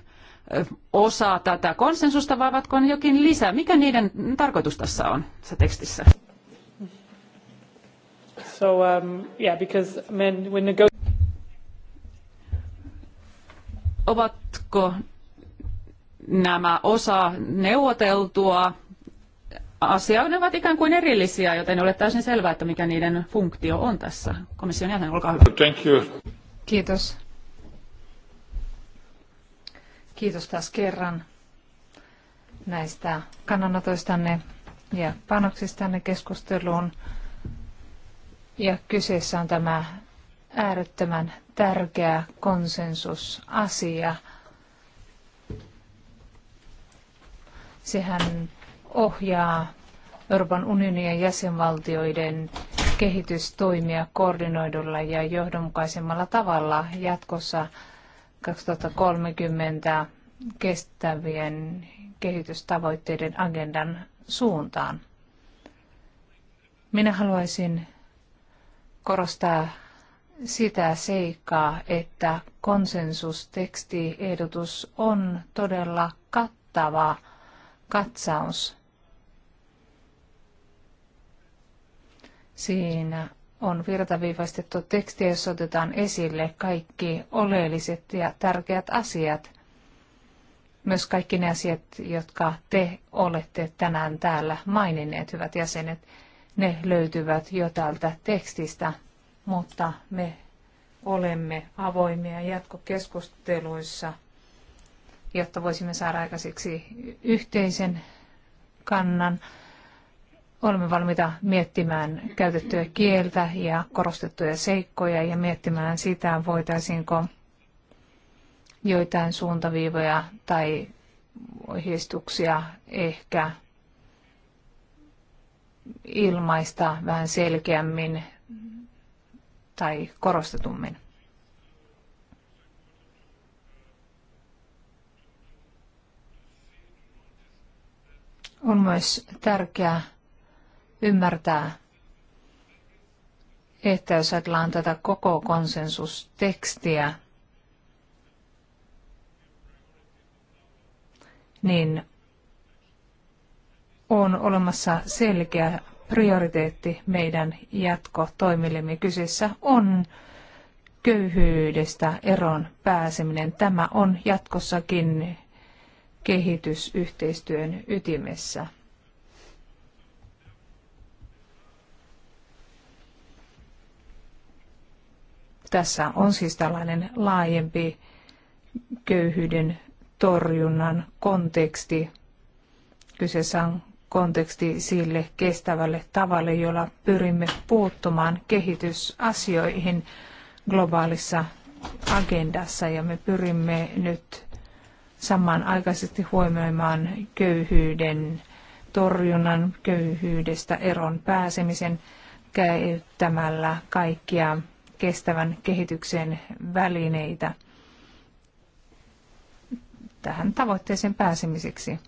osa tätä konsensusta vai ovatko ne jokin lisää? Mikä niiden tarkoitus tässä on tässä tekstissä? So, um, yeah, because men, when go- Ovatko nämä osa neuvoteltua Asia Ne ovat ikään kuin erillisiä, joten ei ole täysin selvää, että mikä niiden funktio on tässä. Komission jäsen, olkaa hyvä. Thank you. Kiitos. Kiitos taas kerran näistä kannanotoistanne ja panoksistanne keskusteluun. Ja kyseessä on tämä äärettömän tärkeä konsensusasia. Sehän ohjaa Euroopan unionin ja jäsenvaltioiden kehitystoimia koordinoidulla ja johdonmukaisemmalla tavalla jatkossa 2030 kestävien kehitystavoitteiden agendan suuntaan. Minä haluaisin korostaa sitä seikkaa, että konsensustekstiehdotus on todella kattava katsaus Siinä on virtaviivaistettu tekstiä, jossa otetaan esille kaikki oleelliset ja tärkeät asiat. Myös kaikki ne asiat, jotka te olette tänään täällä maininneet, hyvät jäsenet, ne löytyvät jo täältä tekstistä, mutta me olemme avoimia jatkokeskusteluissa, jotta voisimme saada aikaiseksi yhteisen kannan olemme valmiita miettimään käytettyä kieltä ja korostettuja seikkoja ja miettimään sitä, voitaisiinko joitain suuntaviivoja tai ohjeistuksia ehkä ilmaista vähän selkeämmin tai korostetummin. On myös tärkeää ymmärtää, että jos ajatellaan tätä koko konsensustekstiä, niin on olemassa selkeä prioriteetti meidän jatkotoimillemme. Kyseessä on köyhyydestä eron pääseminen. Tämä on jatkossakin kehitysyhteistyön ytimessä. Tässä on siis tällainen laajempi köyhyyden torjunnan konteksti. Kyseessä on konteksti sille kestävälle tavalle, jolla pyrimme puuttumaan kehitysasioihin globaalissa agendassa ja me pyrimme nyt samanaikaisesti huomioimaan köyhyyden torjunnan, köyhyydestä eron pääsemisen käyttämällä kaikkia kestävän kehityksen välineitä tähän tavoitteeseen pääsemiseksi.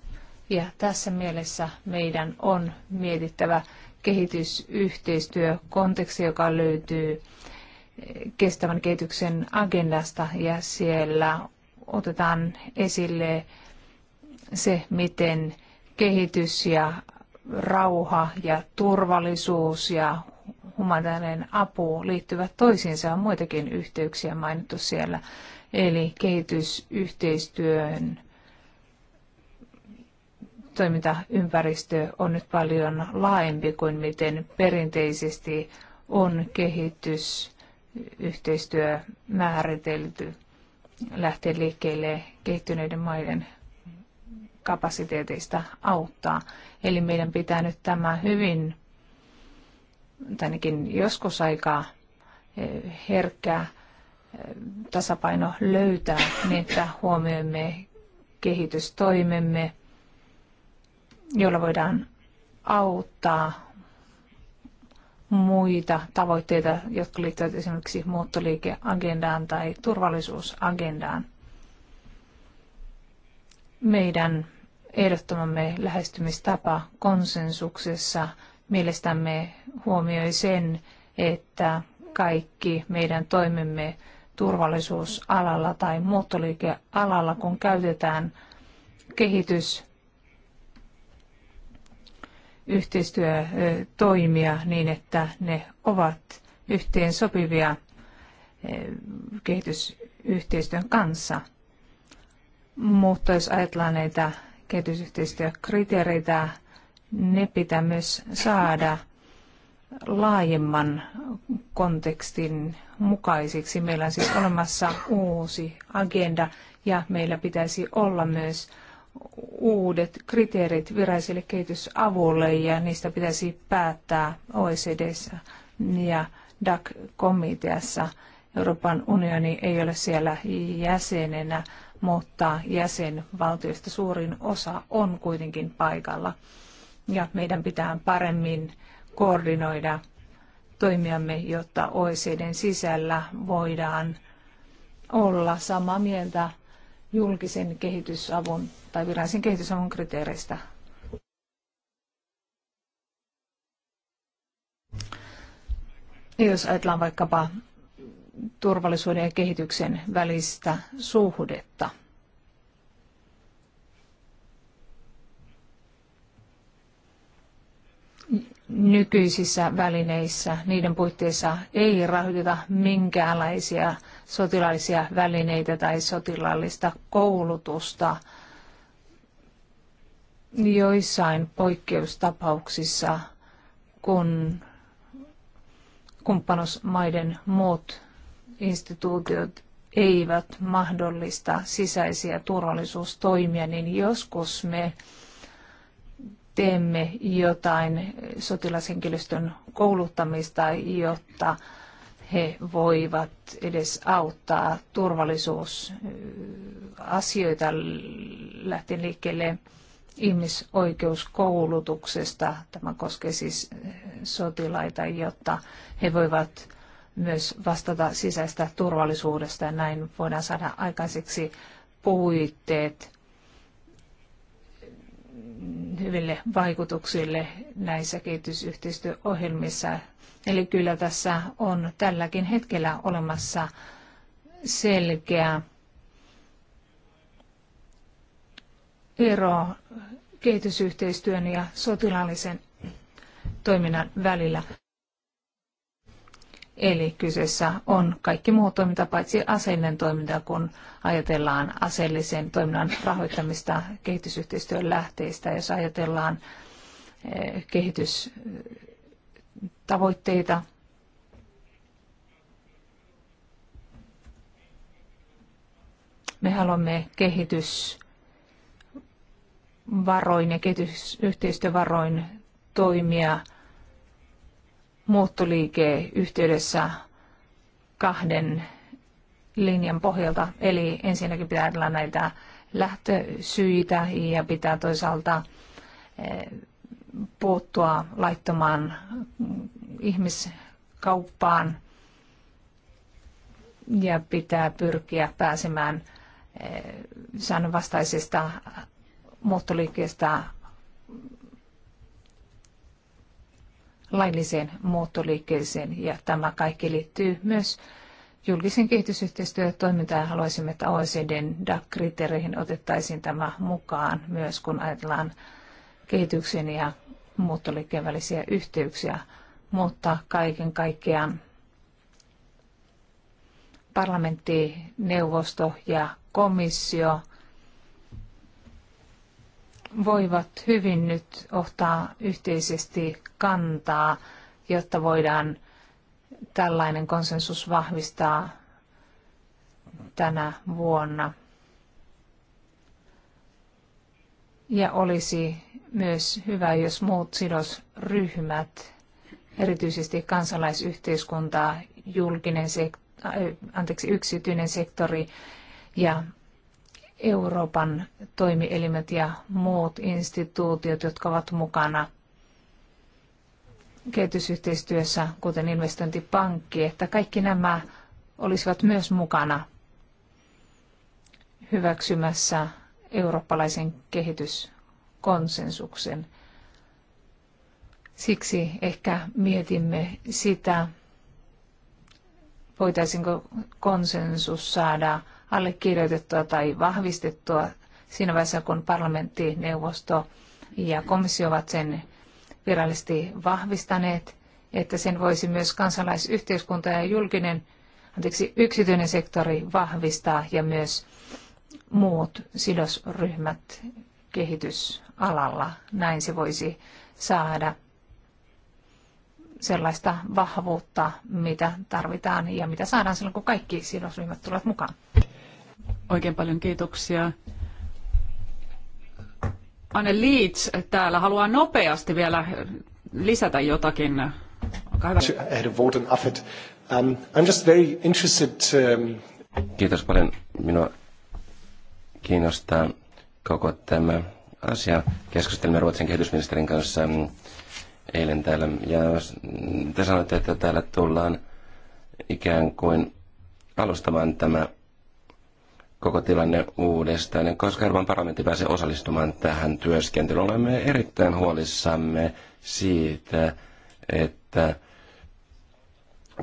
Ja tässä mielessä meidän on mietittävä kehitysyhteistyökonteksti, joka löytyy kestävän kehityksen agendasta ja siellä otetaan esille se, miten kehitys ja rauha ja turvallisuus ja humanitaarinen apu liittyvät toisiinsa. On muitakin yhteyksiä mainittu siellä. Eli kehitysyhteistyön toimintaympäristö on nyt paljon laajempi kuin miten perinteisesti on kehitysyhteistyö määritelty lähtee liikkeelle kehittyneiden maiden kapasiteeteista auttaa. Eli meidän pitää nyt tämä hyvin ainakin joskus aika eh, herkkää eh, tasapaino löytää, niin että huomioimme kehitystoimemme, jolla voidaan auttaa muita tavoitteita, jotka liittyvät esimerkiksi muuttoliikeagendaan tai turvallisuusagendaan. Meidän ehdottamamme lähestymistapa konsensuksessa mielestämme huomioi sen, että kaikki meidän toimimme turvallisuusalalla tai muuttoliikealalla, kun käytetään kehitys yhteistyötoimia niin, että ne ovat yhteen sopivia eh, kehitysyhteistyön kanssa. Mutta jos ajatellaan näitä kehitysyhteistyökriteereitä, ne pitää myös saada laajemman kontekstin mukaisiksi. Meillä on siis olemassa uusi agenda ja meillä pitäisi olla myös uudet kriteerit viralliselle kehitysavulle ja niistä pitäisi päättää OECDssä ja DAC-komiteassa. Euroopan unioni ei ole siellä jäsenenä, mutta jäsenvaltioista suurin osa on kuitenkin paikalla ja meidän pitää paremmin koordinoida toimiamme, jotta OECDn sisällä voidaan olla samaa mieltä julkisen kehitysavun tai virallisen kehitysavun kriteereistä. Jos ajatellaan vaikkapa turvallisuuden ja kehityksen välistä suhdetta – nykyisissä välineissä, niiden puitteissa ei rahoiteta minkäänlaisia sotilaallisia välineitä tai sotilaallista koulutusta. Joissain poikkeustapauksissa, kun kumppanusmaiden muut instituutiot eivät mahdollista sisäisiä turvallisuustoimia, niin joskus me teemme jotain sotilashenkilöstön kouluttamista, jotta he voivat edes auttaa turvallisuusasioita lähtien liikkeelle ihmisoikeuskoulutuksesta. Tämä koskee siis eh, sotilaita, jotta he voivat myös vastata sisäistä turvallisuudesta ja näin voidaan saada aikaiseksi puitteet hyville vaikutuksille näissä kehitysyhteistyöohjelmissa. Eli kyllä tässä on tälläkin hetkellä olemassa selkeä ero kehitysyhteistyön ja sotilaallisen toiminnan välillä. Eli kyseessä on kaikki muu toiminta, paitsi aseellinen toiminta, kun ajatellaan aseellisen toiminnan rahoittamista kehitysyhteistyön lähteistä. Jos ajatellaan eh, kehitystavoitteita, me haluamme varoin ja kehitysyhteistyövaroin toimia – muuttoliike yhteydessä kahden linjan pohjalta. Eli ensinnäkin pitää ajatella näitä lähtösyitä ja pitää toisaalta eh, puuttua laittomaan ihmiskauppaan ja pitää pyrkiä pääsemään eh, säännönvastaisesta muuttoliikkeestä lailliseen muuttoliikkeeseen ja tämä kaikki liittyy myös julkisen kehitysyhteistyötoimintaan. Haluaisimme, että OECDn DAC-kriteereihin otettaisiin tämä mukaan myös, kun ajatellaan kehityksen ja muuttoliikkeen välisiä yhteyksiä, mutta kaiken kaikkiaan parlamentti, neuvosto ja komissio – voivat hyvin nyt ottaa yhteisesti kantaa, jotta voidaan tällainen konsensus vahvistaa tänä vuonna. Ja olisi myös hyvä, jos muut sidosryhmät, erityisesti kansalaisyhteiskunta, julkinen sektori, äh, anteeksi, yksityinen sektori ja Euroopan toimielimet ja muut instituutiot, jotka ovat mukana kehitysyhteistyössä, kuten investointipankki, että kaikki nämä olisivat myös mukana hyväksymässä eurooppalaisen kehityskonsensuksen. Siksi ehkä mietimme sitä, voitaisinko konsensus saada allekirjoitettua tai vahvistettua siinä vaiheessa, kun parlamentti, neuvosto ja komissio ovat sen virallisesti vahvistaneet, että sen voisi myös kansalaisyhteiskunta ja julkinen, anteeksi, yksityinen sektori vahvistaa ja myös muut sidosryhmät kehitysalalla. Näin se voisi saada sellaista vahvuutta, mitä tarvitaan ja mitä saadaan silloin, kun kaikki sidosryhmät tulevat mukaan. Oikein paljon kiitoksia. Anne Leeds täällä haluaa nopeasti vielä lisätä jotakin. Olkaa um, um, Kiitos paljon. Minua kiinnostaa koko tämä asia. Keskustelimme Ruotsin kehitysministerin kanssa mm, eilen täällä. Ja te sanoitte, että täällä tullaan ikään kuin alustamaan tämä koko tilanne uudestaan, koska Euroopan parlamentti pääsee osallistumaan tähän työskentelyyn. Olemme erittäin huolissamme siitä, että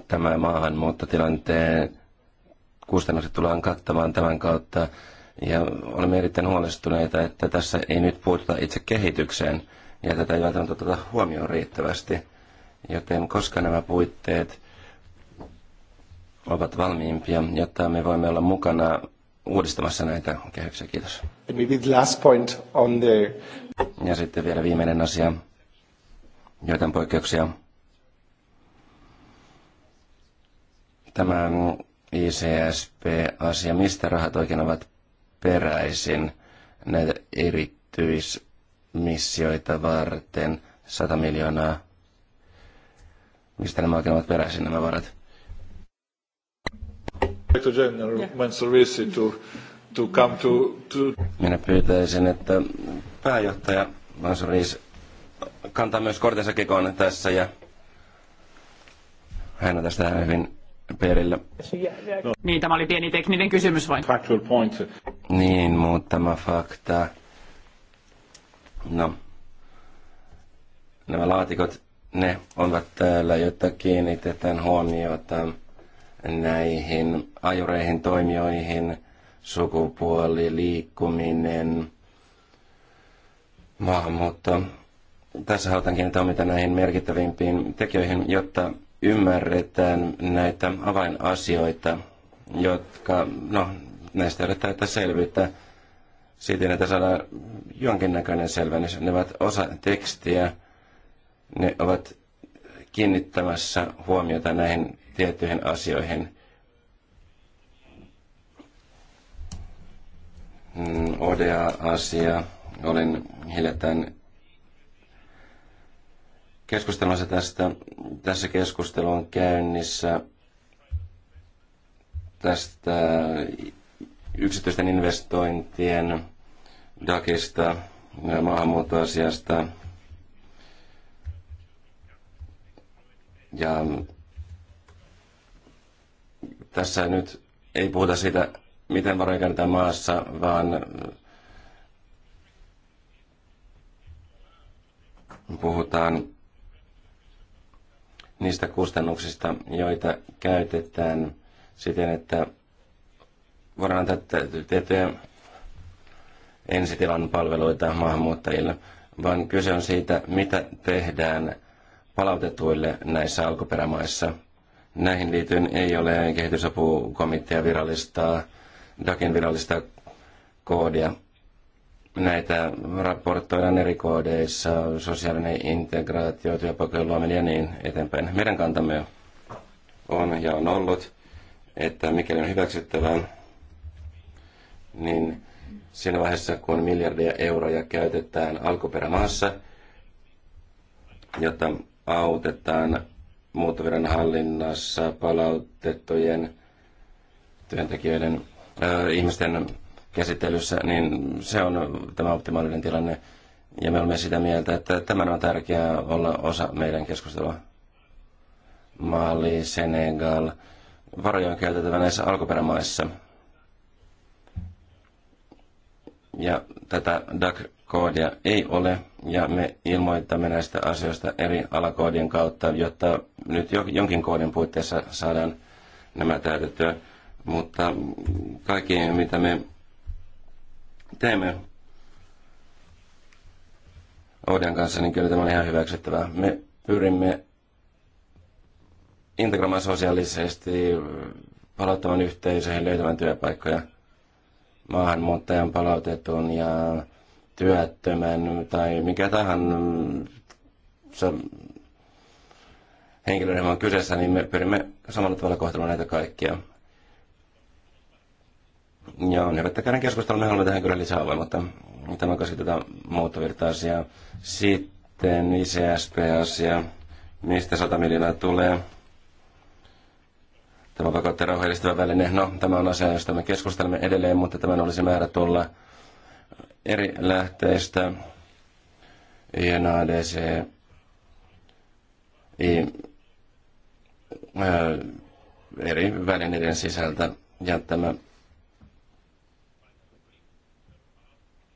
tämä maahanmuuttotilanteen kustannukset tullaan kattamaan tämän kautta. Ja olemme erittäin huolestuneita, että tässä ei nyt puututa itse kehitykseen ja tätä ei välttämättä oteta huomioon riittävästi. Joten koska nämä puitteet ovat valmiimpia, jotta me voimme olla mukana uudistamassa näitä kehyksiä. Kiitos. Maybe the last point on the... Ja sitten vielä viimeinen asia. Joitain poikkeuksia. Tämä ICSP-asia, mistä rahat oikein ovat peräisin näitä erityismissioita varten, 100 miljoonaa. Mistä nämä oikein ovat peräisin nämä varat? Minä pyytäisin, että pääjohtaja Mansuris kantaa myös kortensa kekoon tässä ja hän on tästä hyvin perillä. No. Niin, tämä oli pieni tekninen kysymys vain. Factual point. Niin, muutama fakta. No, nämä laatikot, ne ovat täällä, jotta kiinnitetään huomiota näihin ajureihin, toimijoihin, sukupuoli, liikkuminen, maahanmuutto. Tässä halutaan kiinnittää mitä näihin merkittävimpiin tekijöihin, jotta ymmärretään näitä avainasioita, jotka, no, näistä ei ole täyttä selvyyttä siitä, että saadaan jonkinnäköinen selvennys. Ne ovat osa tekstiä, ne ovat kiinnittämässä huomiota näihin tiettyihin asioihin. Mm, ODA-asia. Olin hiljattain keskustelunsa tästä. Tässä keskustelu on käynnissä tästä yksityisten investointien DAKista, maahanmuuttoasiasta ja tässä nyt ei puhuta siitä, miten varoja käytetään maassa, vaan puhutaan niistä kustannuksista, joita käytetään siten, että voidaan antaa tiettyjä ensitilan palveluita maahanmuuttajille, vaan kyse on siitä, mitä tehdään palautetuille näissä alkuperämaissa. Näihin liittyen ei ole kehitysapukomitea virallista, DAKin virallista koodia. Näitä raportoidaan eri koodeissa, sosiaalinen integraatio, työpaikojen luominen ja niin eteenpäin. Meidän kantamme on ja on ollut, että mikäli on hyväksyttävää, niin siinä vaiheessa, kun miljardia euroja käytetään alkuperämaassa, jotta autetaan muuttoviran hallinnassa palautettujen työntekijöiden äh, ihmisten käsittelyssä, niin se on tämä optimaalinen tilanne. Ja me olemme sitä mieltä, että tämän on tärkeää olla osa meidän keskustelua. Mali, Senegal, varoja on käytettävä näissä alkuperämaissa. Ja tätä DAC koodia ei ole, ja me ilmoitamme näistä asioista eri alakoodien kautta, jotta nyt jonkin koodin puitteissa saadaan nämä täytettyä. Mutta kaikki, mitä me teemme Ouden kanssa, niin kyllä tämä on ihan hyväksyttävää. Me pyrimme integroimaan sosiaalisesti, palauttamaan yhteisöihin, löytämään työpaikkoja maahanmuuttajan palautetun ja työttömän tai mikä tahansa henkilöryhmä on kyseessä, niin me pyrimme samalla tavalla kohtelemaan näitä kaikkia. Ja on hyvä, että käydään keskustelua. Me haluamme tähän kyllä lisää avoimuutta. Tämä koski tätä muuttovirta-asiaa. Sitten ICSP-asia. Mistä 100 miljoonaa tulee? Tämä pakotteen rauhoillistavä väline. No, tämä on asia, josta me keskustelemme edelleen, mutta tämän olisi määrä tulla – eri lähteistä, INADC, I, ö, eri välineiden sisältä ja tämä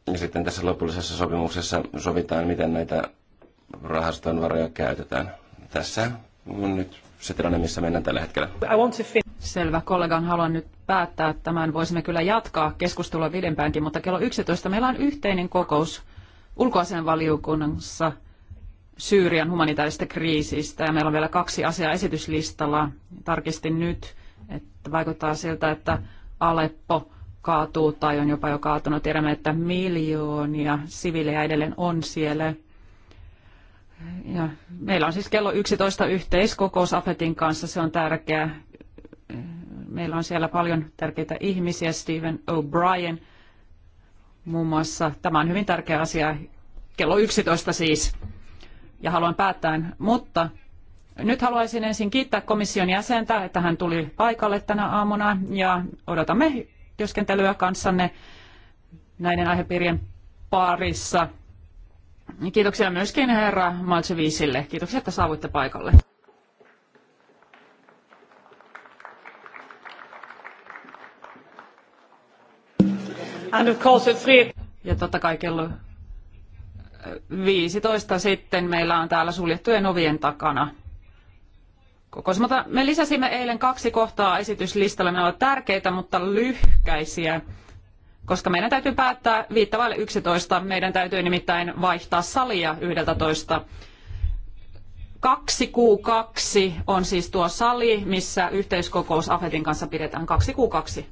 ja sitten tässä lopullisessa sopimuksessa sovitaan, miten näitä rahaston varoja käytetään. Tässä on nyt se tilanne, missä mennään tällä hetkellä. Selvä, kollegan haluan nyt päättää tämän. Voisimme kyllä jatkaa keskustelua pidempäänkin, mutta kello 11 meillä on yhteinen kokous ulkoasianvaliokunnassa Syyrian humanitaarista kriisistä ja meillä on vielä kaksi asiaa esityslistalla. Tarkistin nyt, että vaikuttaa siltä, että Aleppo kaatuu tai on jopa jo kaatunut. Tiedämme, että miljoonia siviilejä edelleen on siellä. Ja meillä on siis kello 11 yhteiskokous Afetin kanssa, se on tärkeää. Meillä on siellä paljon tärkeitä ihmisiä, Stephen O'Brien muun muassa. Tämä on hyvin tärkeä asia, kello 11 siis, ja haluan päättää. Mutta nyt haluaisin ensin kiittää komission jäsentä, että hän tuli paikalle tänä aamuna, ja odotamme työskentelyä kanssanne näiden aihepiirien parissa. Kiitoksia myöskin herra Maltseviisille. Kiitoksia, että saavuitte paikalle. And of course at three... Ja totta kai kello 15 äh, sitten meillä on täällä suljettujen ovien takana kokosmata. me lisäsimme eilen kaksi kohtaa esityslistalle. Ne ovat tärkeitä, mutta lyhkäisiä, koska meidän täytyy päättää viittavalle 11. Meidän täytyy nimittäin vaihtaa salia 11. 2Q2 on siis tuo sali, missä yhteiskokous Afetin kanssa pidetään 2Q2.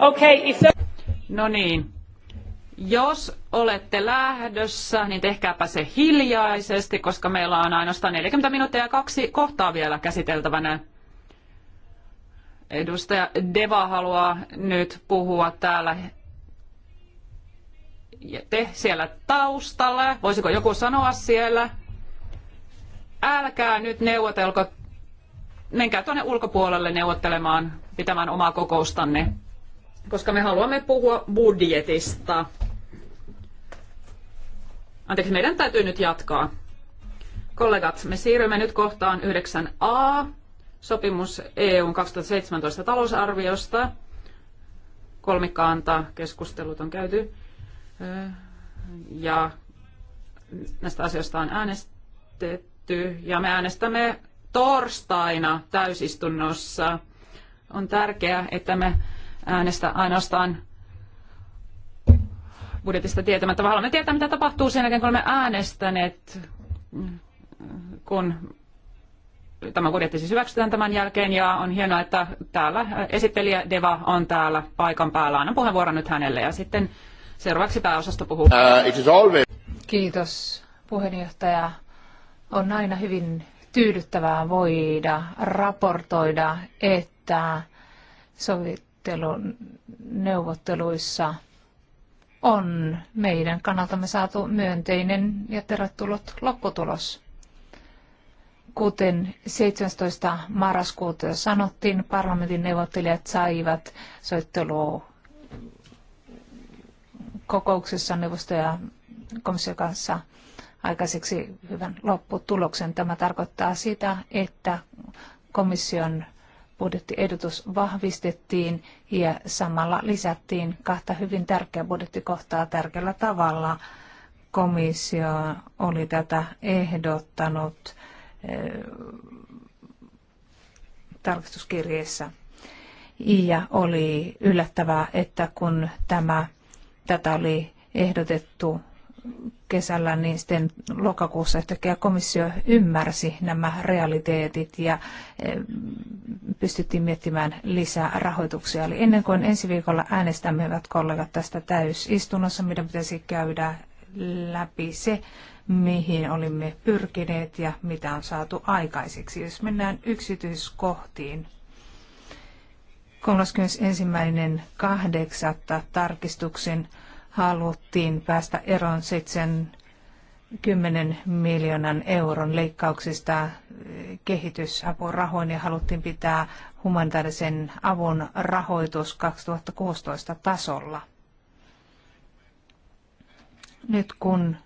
Okay, if No niin. Jos olette lähdössä, niin tehkääpä se hiljaisesti, koska meillä on ainoastaan 40 minuuttia ja kaksi kohtaa vielä käsiteltävänä. Edustaja Deva haluaa nyt puhua täällä. Ja te siellä taustalla, voisiko joku sanoa siellä? Älkää nyt neuvotelko, menkää tuonne ulkopuolelle neuvottelemaan, pitämään omaa kokoustanne koska me haluamme puhua budjetista. Anteeksi, meidän täytyy nyt jatkaa. Kollegat, me siirrymme nyt kohtaan 9a, sopimus EUn 2017 talousarviosta. Kolmikanta, keskustelut on käyty ja näistä asioista on äänestetty ja me äänestämme torstaina täysistunnossa. On tärkeää, että me äänestä ainoastaan budjetista tietämättä, vaan haluamme tietää, mitä tapahtuu sen jälkeen, kun olemme äänestäneet, kun tämä budjetti siis hyväksytään tämän jälkeen ja on hienoa, että täällä esittelijä Deva on täällä paikan päällä. Annan puheenvuoron nyt hänelle ja sitten seuraavaksi pääosasto puhuu. Uh, Kiitos puheenjohtaja. On aina hyvin tyydyttävää voida raportoida, että sovit neuvotteluissa on meidän kannaltamme saatu myönteinen ja tervetullut lopputulos. Kuten 17. marraskuuta jo sanottiin, parlamentin neuvottelijat saivat soittelu kokouksessa neuvosto ja komission kanssa aikaiseksi hyvän lopputuloksen. Tämä tarkoittaa sitä, että komission budjettiehdotus vahvistettiin ja samalla lisättiin kahta hyvin tärkeää budjettikohtaa tärkeällä tavalla. Komissio oli tätä ehdottanut eh, tarkastuskirjeessä. Ja oli yllättävää, että kun tämä, tätä oli ehdotettu kesällä, niin sitten lokakuussa yhtäkkiä komissio ymmärsi nämä realiteetit ja eh, pystyttiin miettimään lisää rahoituksia. Eli ennen kuin ensi viikolla äänestämme, hyvät kollegat, tästä täysistunnossa, meidän pitäisi käydä läpi se, mihin olimme pyrkineet ja mitä on saatu aikaiseksi. Jos mennään yksityiskohtiin, 31.8. tarkistuksen haluttiin päästä eroon sitten kymmenen miljoonan euron leikkauksista eh, kehitysapurahoin ja haluttiin pitää humanitaarisen avun rahoitus 2016 tasolla. Nyt kun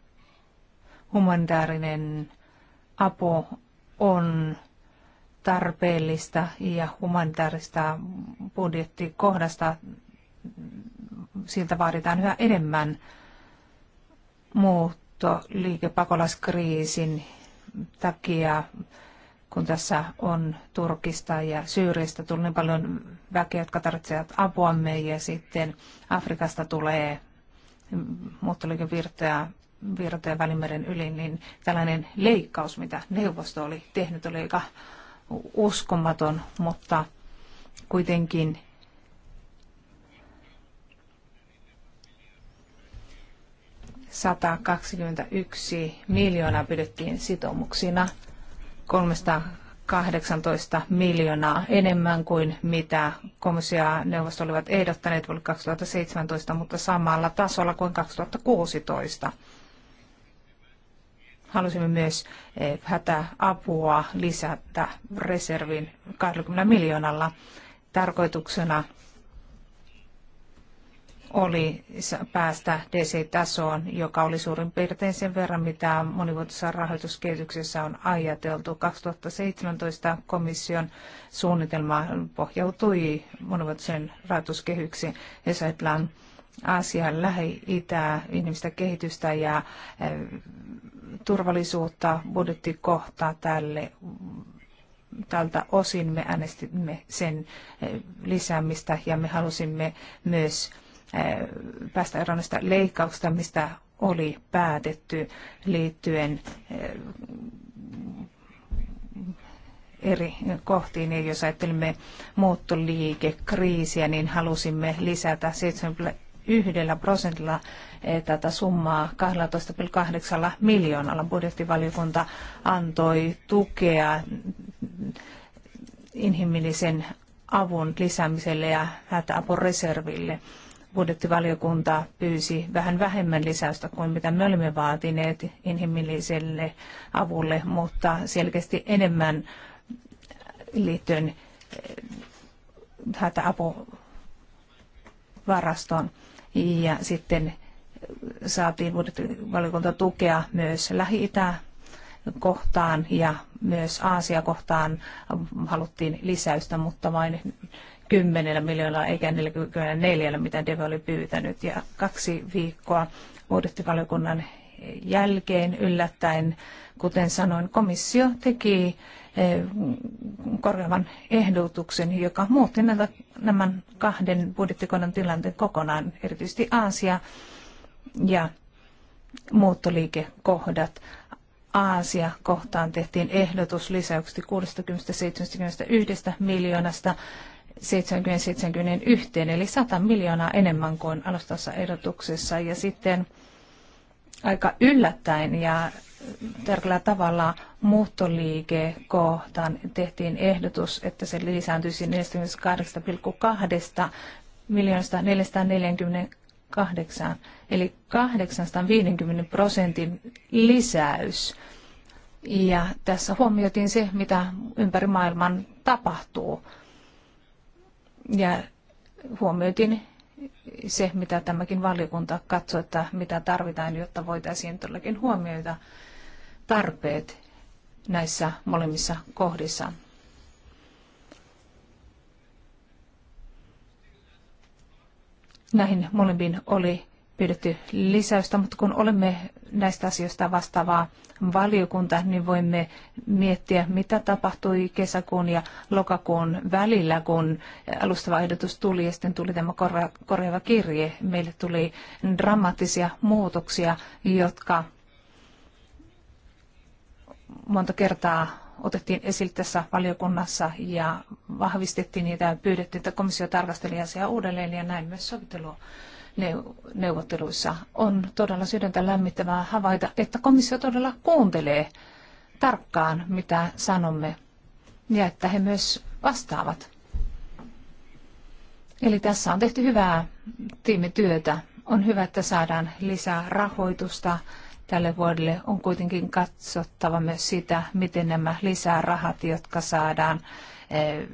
humanitaarinen apu on tarpeellista ja humanitaarista budjettikohdasta siltä vaaditaan yhä enemmän muutto muuttoliikepakolaiskriisin takia, kun tässä on Turkista ja Syyristä tullut niin paljon väkeä, jotka tarvitsevat apuamme ja sitten Afrikasta tulee muuttoliikevirtoja virtoja Välimeren yli, niin tällainen leikkaus, mitä neuvosto oli tehnyt, oli aika uskomaton, mutta kuitenkin 121 miljoonaa pidettiin sitoumuksina, 318 miljoonaa enemmän kuin mitä komissio ja neuvosto olivat ehdottaneet vuonna 2017, mutta samalla tasolla kuin 2016. Halusimme myös eh, hätäapua lisätä reservin 20 miljoonalla tarkoituksena oli päästä DC-tasoon, joka oli suurin piirtein sen verran, mitä monivuotisessa rahoituskehityksessä on ajateltu. 2017 komission suunnitelma pohjautui monivuotisen rahoituskehyksiin, jos ajatellaan Aasian lähi-itää, ihmistä kehitystä ja eh, turvallisuutta budjettikohtaa tälle tältä osin me äänestimme sen eh, lisäämistä ja me halusimme myös Eh, päästä eroon näistä leikkauksista, mistä oli päätetty liittyen eh, eri kohtiin. Ja jos ajattelimme muuttoliikekriisiä, niin halusimme lisätä 7,1 prosentilla eh, tätä summaa 12,8 miljoonalla. Budjettivaliokunta antoi tukea inhimillisen avun lisäämiselle ja hätäapureserville. reserville budjettivaliokunta pyysi vähän vähemmän lisäystä kuin mitä me olimme vaatineet inhimilliselle avulle, mutta selkeästi enemmän liittyen eh, hätäapuvarastoon. Ja sitten saatiin budjettivaliokunta tukea myös lähi kohtaan ja myös Aasia kohtaan haluttiin lisäystä, mutta vain 10 miljoonaa, eikä 44, mitä Deve oli pyytänyt. Ja kaksi viikkoa budjettivaliokunnan jälkeen yllättäen, kuten sanoin, komissio teki eh, korjaavan ehdotuksen, joka muutti näitä, nämä kahden budjettikohdan tilanteen kokonaan, erityisesti Aasia ja muuttoliikekohdat. Aasia kohtaan tehtiin ehdotus lisäyksestä 60-71 miljoonasta 70-71, eli 100 miljoonaa enemmän kuin alustassa ehdotuksessa. Ja sitten aika yllättäen ja tärkeällä tavalla muuttoliike kohtaan tehtiin ehdotus, että se lisääntyisi 48,2 miljoonasta 448, eli 850 prosentin lisäys. Ja tässä huomioitiin se, mitä ympäri maailman tapahtuu. Ja huomioitiin se, mitä tämäkin valiokunta katsoi, että mitä tarvitaan, jotta voitaisiin todellakin huomioida tarpeet näissä molemmissa kohdissa. Näihin molempiin oli pyydetty lisäystä, mutta kun olemme näistä asioista vastaavaa valiokunta, niin voimme miettiä, mitä tapahtui kesäkuun ja lokakuun välillä, kun alustava ehdotus tuli ja sitten tuli tämä korjaava kirje. Meille tuli dramaattisia muutoksia, jotka monta kertaa otettiin esille tässä valiokunnassa ja vahvistettiin niitä ja pyydettiin, että komissio tarkasteli asiaa uudelleen ja näin myös sovittelua neuvotteluissa. On todella sydäntä lämmittävää havaita, että komissio todella kuuntelee tarkkaan, mitä sanomme, ja että he myös vastaavat. Eli tässä on tehty hyvää tiimityötä. On hyvä, että saadaan lisää rahoitusta tälle vuodelle. On kuitenkin katsottava myös sitä, miten nämä lisää rahat, jotka saadaan eh,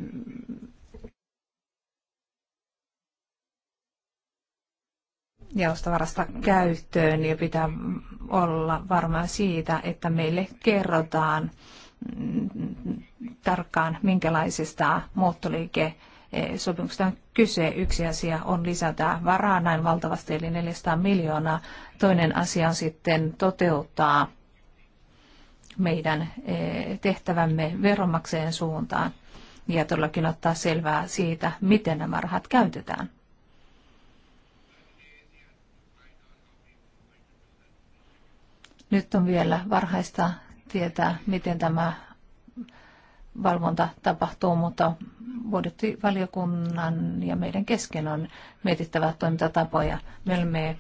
jaostovarasta käyttöön ja pitää olla varma siitä, että meille kerrotaan mm, tarkkaan, minkälaisista muuttoliike sopimuksesta on kyse. Yksi asia on lisätä varaa näin valtavasti, eli 400 miljoonaa. Toinen asia on sitten toteuttaa meidän eh, tehtävämme veronmaksajien suuntaan ja todellakin ottaa selvää siitä, miten nämä rahat käytetään. Nyt on vielä varhaista tietää, miten tämä valvonta tapahtuu, mutta valiokunnan ja meidän kesken on mietittävä toimintatapoja. Me olemme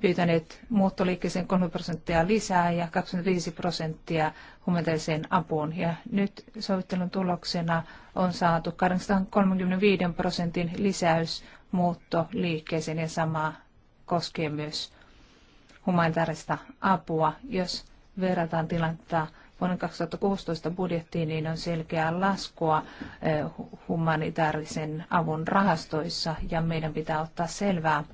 pyytäneet muuttoliikkeeseen 3 prosenttia lisää ja 25 prosenttia humanitaariseen apuun. Ja nyt sovittelun tuloksena on saatu 835 prosentin lisäys muuttoliikkeeseen ja samaa koskee myös humanitaarista apua. Jos verrataan tilannetta vuoden 2016 budjettiin, niin on selkeää laskua eh, humanitaarisen avun rahastoissa ja meidän pitää ottaa selvää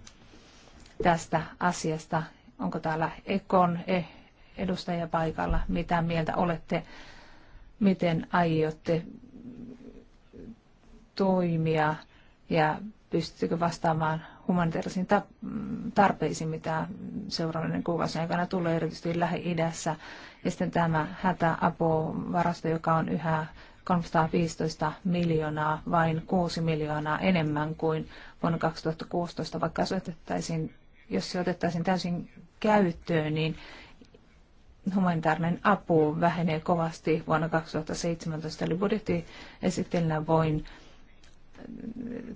tästä asiasta. Onko täällä Ekon eh, edustaja paikalla? Mitä mieltä olette? Miten aiotte toimia ja pystyttekö vastaamaan humanitaarisiin mm, tarpeisiin, mitä seuraavien kuukausien aikana tulee, erityisesti Lähi-idässä. Ja sitten tämä hätäapuvarasto, joka on yhä 315 miljoonaa, vain 6 miljoonaa enemmän kuin vuonna 2016, vaikka se otettaisiin, jos se otettaisiin täysin käyttöön, niin humanitaarinen apu vähenee kovasti vuonna 2017. Eli budjettiesittelynä voin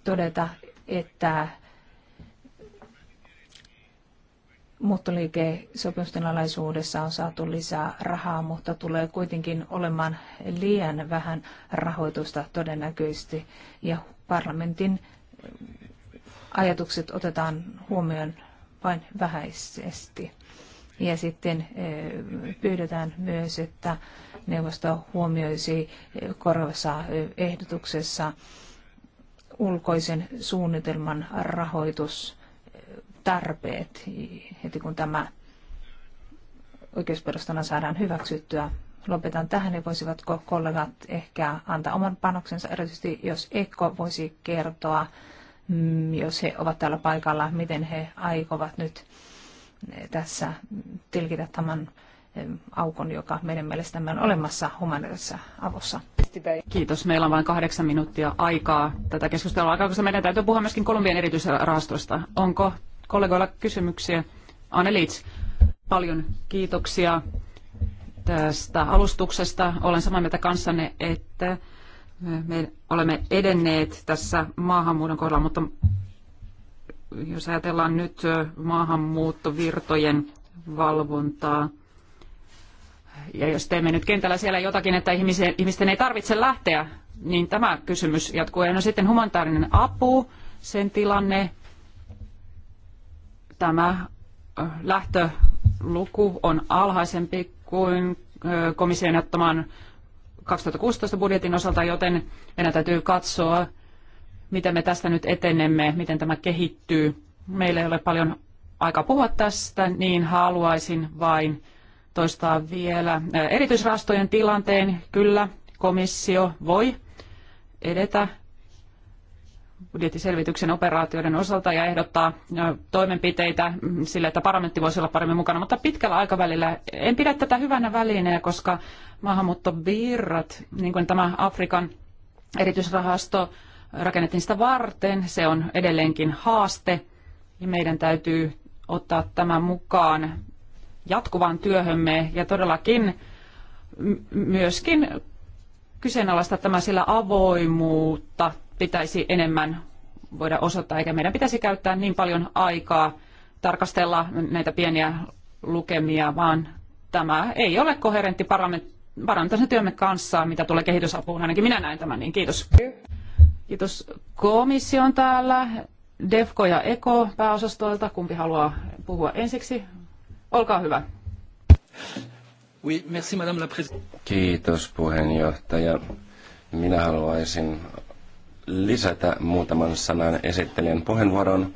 todeta, että muuttoliikesopimusten alaisuudessa on saatu lisää rahaa, mutta tulee kuitenkin olemaan liian vähän rahoitusta todennäköisesti. Ja parlamentin ajatukset otetaan huomioon vain vähäisesti. Ja sitten e, pyydetään myös, että neuvosto huomioisi korvassa e, ehdotuksessa ulkoisen suunnitelman rahoitus tarpeet heti kun tämä oikeusperustana saadaan hyväksyttyä. Lopetan tähän, niin voisivatko kollegat ehkä antaa oman panoksensa, erityisesti jos Ekko voisi kertoa, mm, jos he ovat täällä paikalla, miten he aikovat nyt tässä tilkitä tämän aukon, joka meidän mielestämme on olemassa humanitaarisessa avussa. Kiitos. Meillä on vain kahdeksan minuuttia aikaa tätä keskustelua aikaa, koska meidän täytyy puhua myöskin Kolumbian erityisrahastosta. Onko kollegoilla kysymyksiä. Anne Leeds, paljon kiitoksia tästä alustuksesta. Olen samaa mieltä kanssanne, että me olemme edenneet tässä maahanmuuton kohdalla, mutta jos ajatellaan nyt maahanmuuttovirtojen valvontaa, ja jos teemme nyt kentällä siellä jotakin, että ihmisten ei tarvitse lähteä, niin tämä kysymys jatkuu. Ja no sitten humanitaarinen apu, sen tilanne, tämä lähtöluku on alhaisempi kuin komission ottaman 2016 budjetin osalta, joten meidän täytyy katsoa, miten me tästä nyt etenemme, miten tämä kehittyy. Meillä ei ole paljon aikaa puhua tästä, niin haluaisin vain toistaa vielä erityisrahastojen tilanteen. Kyllä, komissio voi edetä budjettiselvityksen operaatioiden osalta ja ehdottaa toimenpiteitä sille, että parlamentti voisi olla paremmin mukana, mutta pitkällä aikavälillä en pidä tätä hyvänä välineenä, koska maahanmuuttovirrat, niin kuin tämä Afrikan erityisrahasto, rakennettiin sitä varten, se on edelleenkin haaste ja meidän täytyy ottaa tämä mukaan jatkuvaan työhömme ja todellakin myöskin kyseenalaistaa tämä sillä avoimuutta pitäisi enemmän voida osoittaa, eikä meidän pitäisi käyttää niin paljon aikaa tarkastella näitä pieniä lukemia, vaan tämä ei ole koherentti parlamentaarisen työmme kanssa, mitä tulee kehitysapuun. Ainakin minä näen tämän, niin kiitos. Kiitos komission täällä. DEFCO ja ECO pääosastoilta. Kumpi haluaa puhua ensiksi? Olkaa hyvä. Oui, merci, madame la Kiitos puheenjohtaja. Minä haluaisin lisätä muutaman sanan esittelijän puheenvuoron.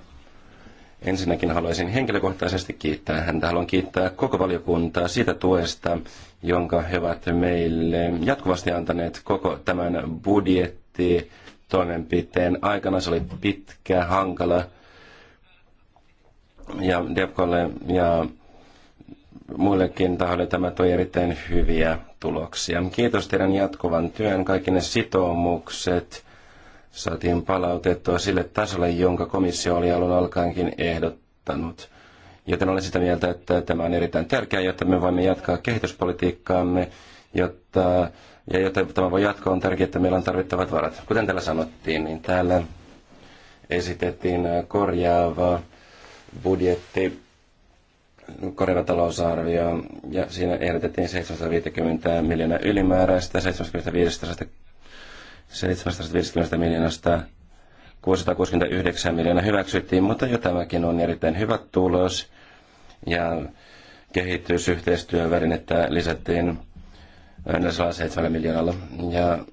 Ensinnäkin haluaisin henkilökohtaisesti kiittää häntä. Haluan kiittää koko valiokuntaa siitä tuesta, jonka he ovat meille jatkuvasti antaneet koko tämän budjetti toimenpiteen aikana. Se oli pitkä, hankala ja Devkolle ja muillekin tahoille tämä toi erittäin hyviä tuloksia. Kiitos teidän jatkuvan työn, kaikki ne sitoumukset, saatiin palautettua sille tasolle, jonka komissio oli alun alkaenkin ehdottanut. Joten olen sitä mieltä, että tämä on erittäin tärkeää, jotta me voimme jatkaa kehityspolitiikkaamme, jotta, ja jotta tämä voi jatkoa, on tärkeää, että meillä on tarvittavat varat. Kuten täällä sanottiin, niin täällä esitettiin korjaava budjetti, korjaava talousarvio, ja siinä ehdotettiin 750 miljoonaa ylimääräistä, 75 750 miljoonasta 669 miljoonaa hyväksyttiin, mutta jo tämäkin on erittäin hyvä tulos. Ja kehitysyhteistyövälinettä lisättiin 407 äh, miljoonalla. Ja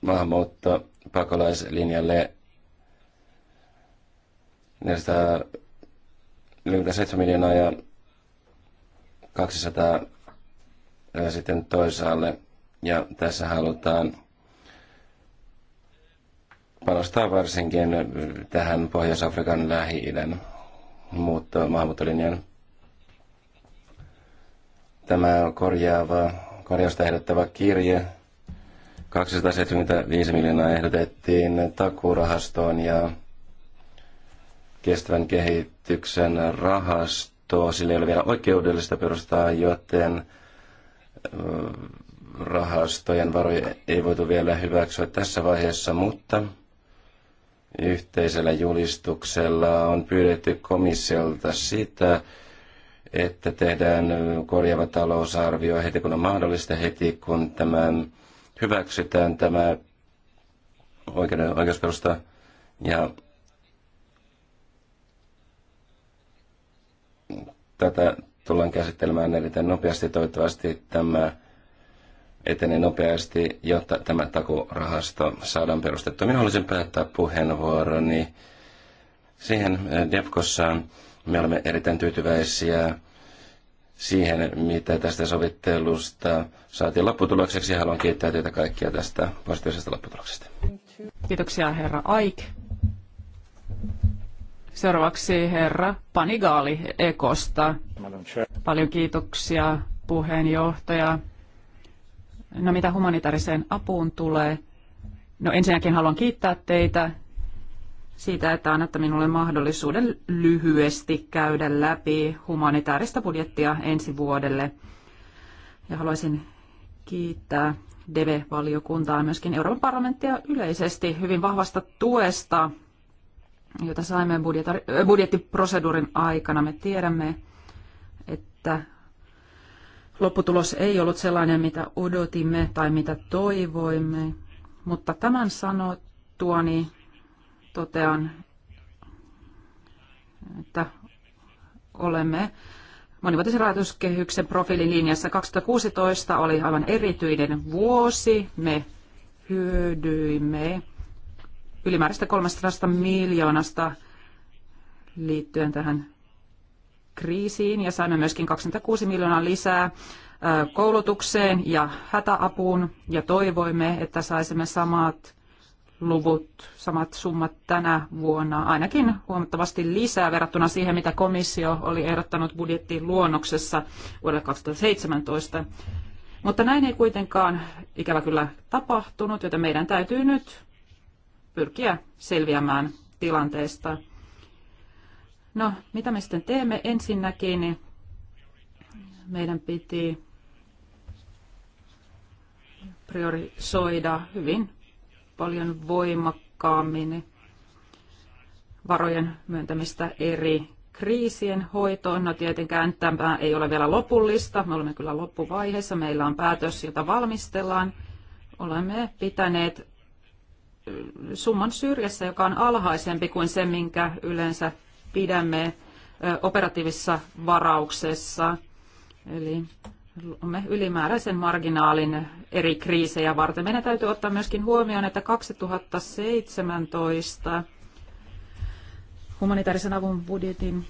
maahanmuutto pakolaislinjalle 447 miljoonaa ja 200 ja äh, sitten toisaalle. Ja tässä halutaan panostaa varsinkin tähän Pohjois-Afrikan lähi-idän muutto, maahanmuuttolinjan. Tämä korjaava, korjausta ehdottava kirje 275 miljoonaa ehdotettiin takuurahastoon ja kestävän kehityksen rahasto Sillä ei ole vielä oikeudellista perustaa, joten rahastojen varoja ei voitu vielä hyväksyä tässä vaiheessa, mutta Yhteisellä julistuksella on pyydetty komissiolta sitä, että tehdään korjaava talousarvio heti kun on mahdollista, heti kun tämä hyväksytään tämä oikeuden, oikeusperusta. Ja tätä tullaan käsittelemään erittäin nopeasti. Toivottavasti tämä etenee nopeasti, jotta tämä takurahasto saadaan perustettua. Minä haluaisin päättää puheenvuoroni siihen eh, Defkossa. Me olemme erittäin tyytyväisiä siihen, mitä tästä sovittelusta saatiin lopputulokseksi. Haluan kiittää teitä kaikkia tästä positiivisesta lopputuloksesta. Kiitoksia herra Aik. Seuraavaksi herra Panigaali Ekosta. Paljon kiitoksia puheenjohtaja. No mitä humanitaariseen apuun tulee? No ensinnäkin haluan kiittää teitä siitä, että annatte minulle mahdollisuuden lyhyesti käydä läpi humanitaarista budjettia ensi vuodelle. Ja haluaisin kiittää DEVE-valiokuntaa myöskin Euroopan parlamenttia yleisesti hyvin vahvasta tuesta, jota saimme budjettiproseduurin aikana. Me tiedämme, että lopputulos ei ollut sellainen, mitä odotimme tai mitä toivoimme, mutta tämän sanottuani totean, että olemme monivuotisen rahoituskehyksen profiilin linjassa. 2016 oli aivan erityinen vuosi. Me hyödyimme ylimääräistä 300 miljoonasta liittyen tähän kriisiin ja saimme myöskin 26 miljoonaa lisää koulutukseen ja hätäapuun ja toivoimme, että saisimme samat luvut, samat summat tänä vuonna, ainakin huomattavasti lisää verrattuna siihen, mitä komissio oli ehdottanut budjettiin luonnoksessa vuodelle 2017. Mutta näin ei kuitenkaan ikävä kyllä tapahtunut, joten meidän täytyy nyt pyrkiä selviämään tilanteesta. No, mitä me sitten teemme? Ensinnäkin niin meidän piti priorisoida hyvin paljon voimakkaammin varojen myöntämistä eri kriisien hoitoon. No tietenkään tämä ei ole vielä lopullista. Me olemme kyllä loppuvaiheessa. Meillä on päätös, jota valmistellaan. Olemme pitäneet summan syrjässä, joka on alhaisempi kuin se, minkä yleensä pidämme operatiivisessa varauksessa. Eli luomme ylimääräisen marginaalin eri kriisejä varten. Meidän täytyy ottaa myöskin huomioon, että 2017 humanitaarisen avun budjetin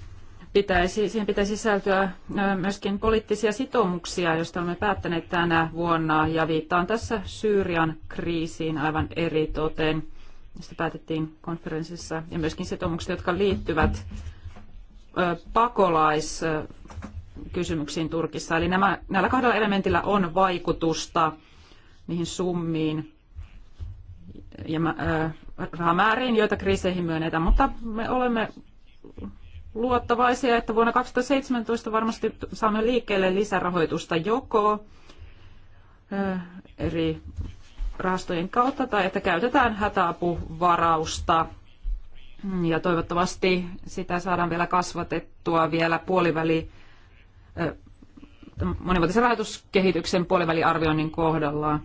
pitäisi, siihen pitäisi sisältyä myöskin poliittisia sitoumuksia, joista olemme päättäneet tänä vuonna, ja viittaan tässä Syyrian kriisiin aivan eritoten josta päätettiin konferenssissa, ja myöskin sitoumukset, jotka liittyvät pakolaiskysymyksiin Turkissa. Eli nämä, näillä kahdella elementillä on vaikutusta niihin summiin ja rahamääriin, joita kriiseihin myönnetään, mutta me olemme luottavaisia, että vuonna 2017 varmasti saamme liikkeelle lisärahoitusta joko eri rahastojen kautta tai että käytetään hätäapuvarausta. Ja toivottavasti sitä saadaan vielä kasvatettua vielä puoliväli monivuotisen rahoituskehityksen puoliväliarvioinnin kohdalla.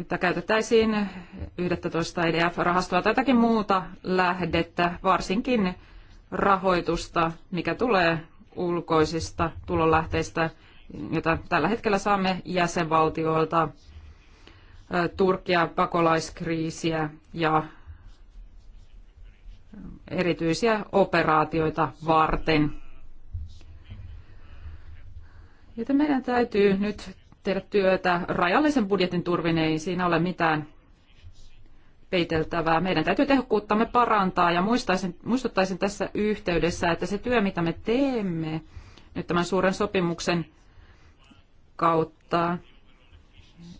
Että käytettäisiin 11 EDF-rahastoa tai jotakin muuta lähdettä, varsinkin rahoitusta, mikä tulee ulkoisista tulonlähteistä – jota tällä hetkellä saamme jäsenvaltioilta, Turkia, pakolaiskriisiä ja erityisiä operaatioita varten. Joten meidän täytyy nyt tehdä työtä rajallisen budjetin turvin, ei siinä ole mitään peiteltävää. Meidän täytyy tehokkuuttamme parantaa ja muistaisin, muistuttaisin tässä yhteydessä, että se työ, mitä me teemme nyt tämän suuren sopimuksen kautta.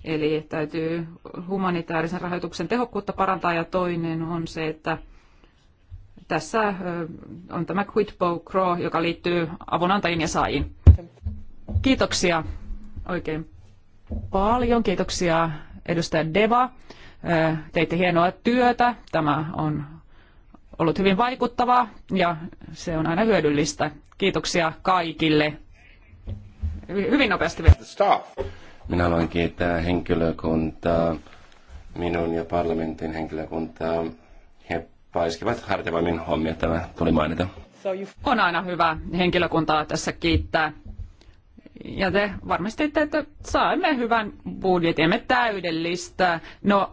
Eli täytyy humanitaarisen rahoituksen tehokkuutta parantaa ja toinen on se, että tässä on tämä quid pro quo, joka liittyy avunantajiin ja saajiin. Kiitoksia oikein paljon. Kiitoksia edustaja Deva. Teitte hienoa työtä. Tämä on ollut hyvin vaikuttavaa ja se on aina hyödyllistä. Kiitoksia kaikille hyvin nopeasti vielä. Minä haluan kiittää henkilökuntaa, minun ja parlamentin henkilökuntaa. He paiskivat hartevammin hommia, tämä tuli mainita. On aina hyvä henkilökuntaa tässä kiittää. Ja te varmistitte, että saimme hyvän budjetin, me täydellistä. No,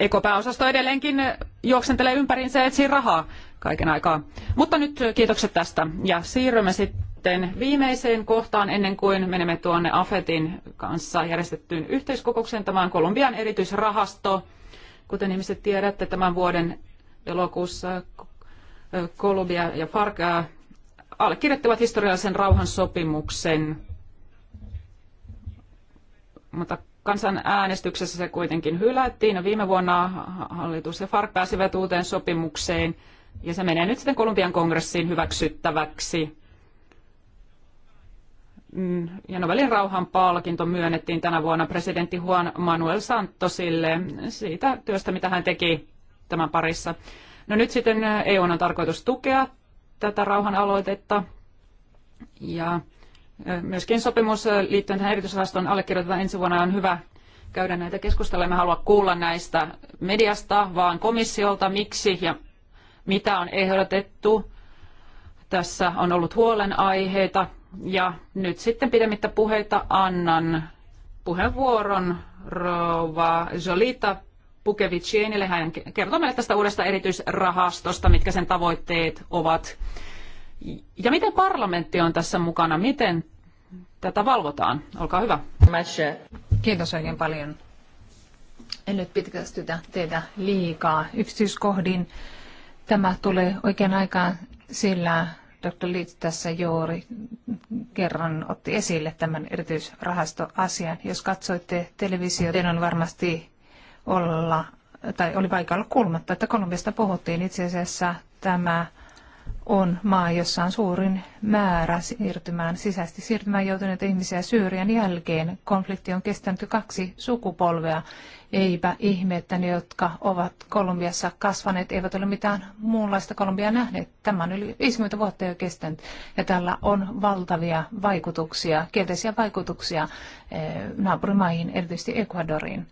ekopääosasto edelleenkin juoksentelee ympäriinsä ja etsii rahaa kaiken aikaa. Mutta nyt kiitokset tästä ja siirrymme sitten sitten viimeiseen kohtaan ennen kuin menemme tuonne AFETin kanssa järjestettyyn yhteiskokoukseen. Tämä on Kolumbian erityisrahasto. Kuten ihmiset tiedätte, tämän vuoden elokuussa Kolumbia ja FARC äh, allekirjoittivat historiallisen rauhansopimuksen, mutta kansanäänestyksessä se kuitenkin hylättiin. No, viime vuonna hallitus ja FARC pääsivät uuteen sopimukseen ja se menee nyt sitten Kolumbian kongressiin hyväksyttäväksi. Mm, ja Nobelin rauhan palkinto myönnettiin tänä vuonna presidentti Juan Manuel Santosille siitä työstä, mitä hän teki tämän parissa. No nyt sitten EU eh, e on tarkoitus tukea tätä rauhanaloitetta ja eh, myöskin sopimus eh, liittyen tähän erityisrahastoon allekirjoitetaan ensi vuonna on hyvä käydä näitä keskusteluja. Me haluamme kuulla näistä mediasta, vaan komissiolta, miksi ja mitä on ehdotettu. Tässä on ollut huolenaiheita ja nyt sitten pidemmittä puheita annan puheenvuoron rouva Jolita Pukevicienille. Hän kertoo meille tästä uudesta erityisrahastosta, mitkä sen tavoitteet ovat. Ja miten parlamentti on tässä mukana? Miten tätä valvotaan? Olkaa hyvä. Kiitos oikein paljon. En nyt pitkästytä teitä liikaa yksityiskohdin. Tämä tulee oikein aikaan, sillä Dr. Liit tässä juuri kerran otti esille tämän erityisrahastoasian. Jos katsoitte televisiota, on varmasti olla, tai oli vaikea kulmatta, että Kolumbiasta puhuttiin itse asiassa tämä on maa, jossa on suurin määrä siirtymään, sisäisesti siirtymään joutuneita ihmisiä Syyrian jälkeen. Konflikti on kestänyt jo kaksi sukupolvea. Eipä ihme, että ne, jotka ovat Kolumbiassa kasvaneet, eivät ole mitään muunlaista Kolumbiaa nähneet. Tämä on yli 50 vuotta jo kestänyt ja tällä on valtavia vaikutuksia, kielteisiä vaikutuksia eh, naapurimaihin, erityisesti Ecuadoriin.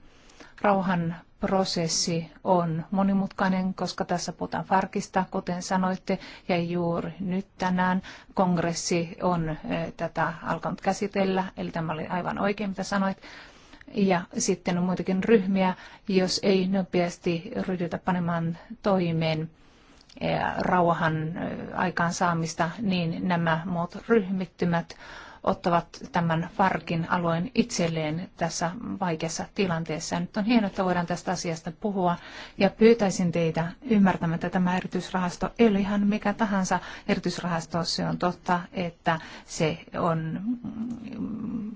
Rauhan prosessi on monimutkainen, koska tässä puhutaan Farkista, kuten sanoitte, ja juuri nyt tänään kongressi on eh, tätä alkanut käsitellä, eli tämä oli aivan oikein, mitä sanoit. Ja sitten on muitakin ryhmiä, jos ei nopeasti ryhdytä panemaan toimeen eh, rauhan eh, aikaansaamista, niin nämä muut ryhmittymät ottavat tämän parkin alueen itselleen tässä vaikeassa tilanteessa. Ja nyt on hienoa, että voidaan tästä asiasta puhua ja pyytäisin teitä ymmärtämään, että tämä erityisrahasto ei ole ihan mikä tahansa erityisrahasto. Se on totta, että se on mm,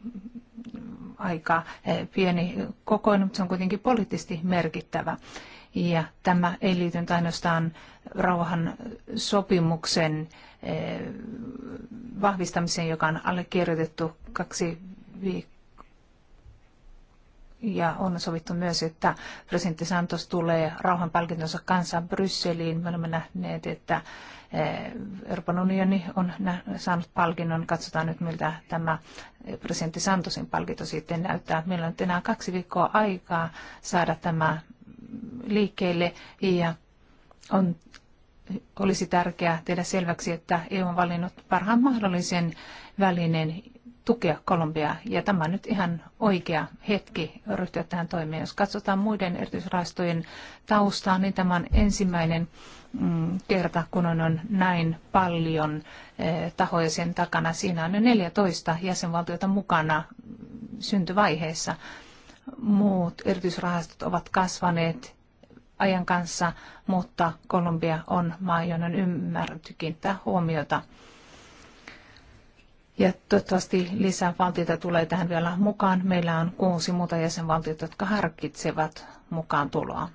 aika eh, pieni kokoinen, mutta se on kuitenkin poliittisesti merkittävä. Ja tämä ei liity ainoastaan rauhan sopimuksen eh, vahvistamiseen, joka on allekirjoitettu kaksi viikkoa. Ja on sovittu myös, että presidentti Santos tulee rauhanpalkintonsa kanssa Brysseliin. Me olemme nähneet, että eh, Euroopan unioni on saanut palkinnon. Katsotaan nyt, miltä tämä eh, presidentti Santosin palkinto sitten näyttää. Meillä on nyt enää kaksi viikkoa aikaa saada tämä liikkeelle ja on, olisi tärkeää tehdä selväksi, että EU on valinnut parhaan mahdollisen välineen tukea Kolumbiaa. Ja tämä on nyt ihan oikea hetki ryhtyä tähän toimeen. Jos katsotaan muiden erityisrahastojen taustaa, niin tämä on ensimmäinen mm, kerta, kun on näin paljon eh, tahoja sen takana. Siinä on jo 14 jäsenvaltiota mukana mm, syntyvaiheessa muut yritysrahastot ovat kasvaneet ajan kanssa, mutta Kolumbia on maa, jonne on ymmärretty kiinnittää huomiota. Ja toivottavasti lisää valtioita tulee tähän vielä mukaan. Meillä on kuusi muuta jäsenvaltiota, jotka harkitsevat mukaan tuloa.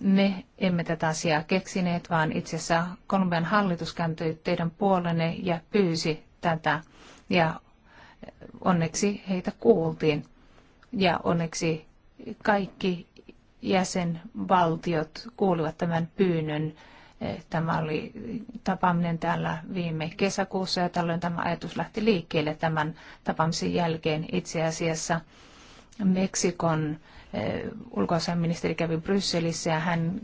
Me emme tätä asiaa keksineet, vaan itse asiassa Kolumbian hallitus kääntyi teidän puolenne ja pyysi tätä. Ja onneksi heitä kuultiin ja onneksi kaikki jäsenvaltiot kuulivat tämän pyynnön. Eh, tämä oli tapaaminen täällä viime kesäkuussa ja tällöin tämä ajatus lähti liikkeelle tämän tapaamisen jälkeen itse asiassa Meksikon Eh, ulkoasiaministeri kävi Brysselissä ja hän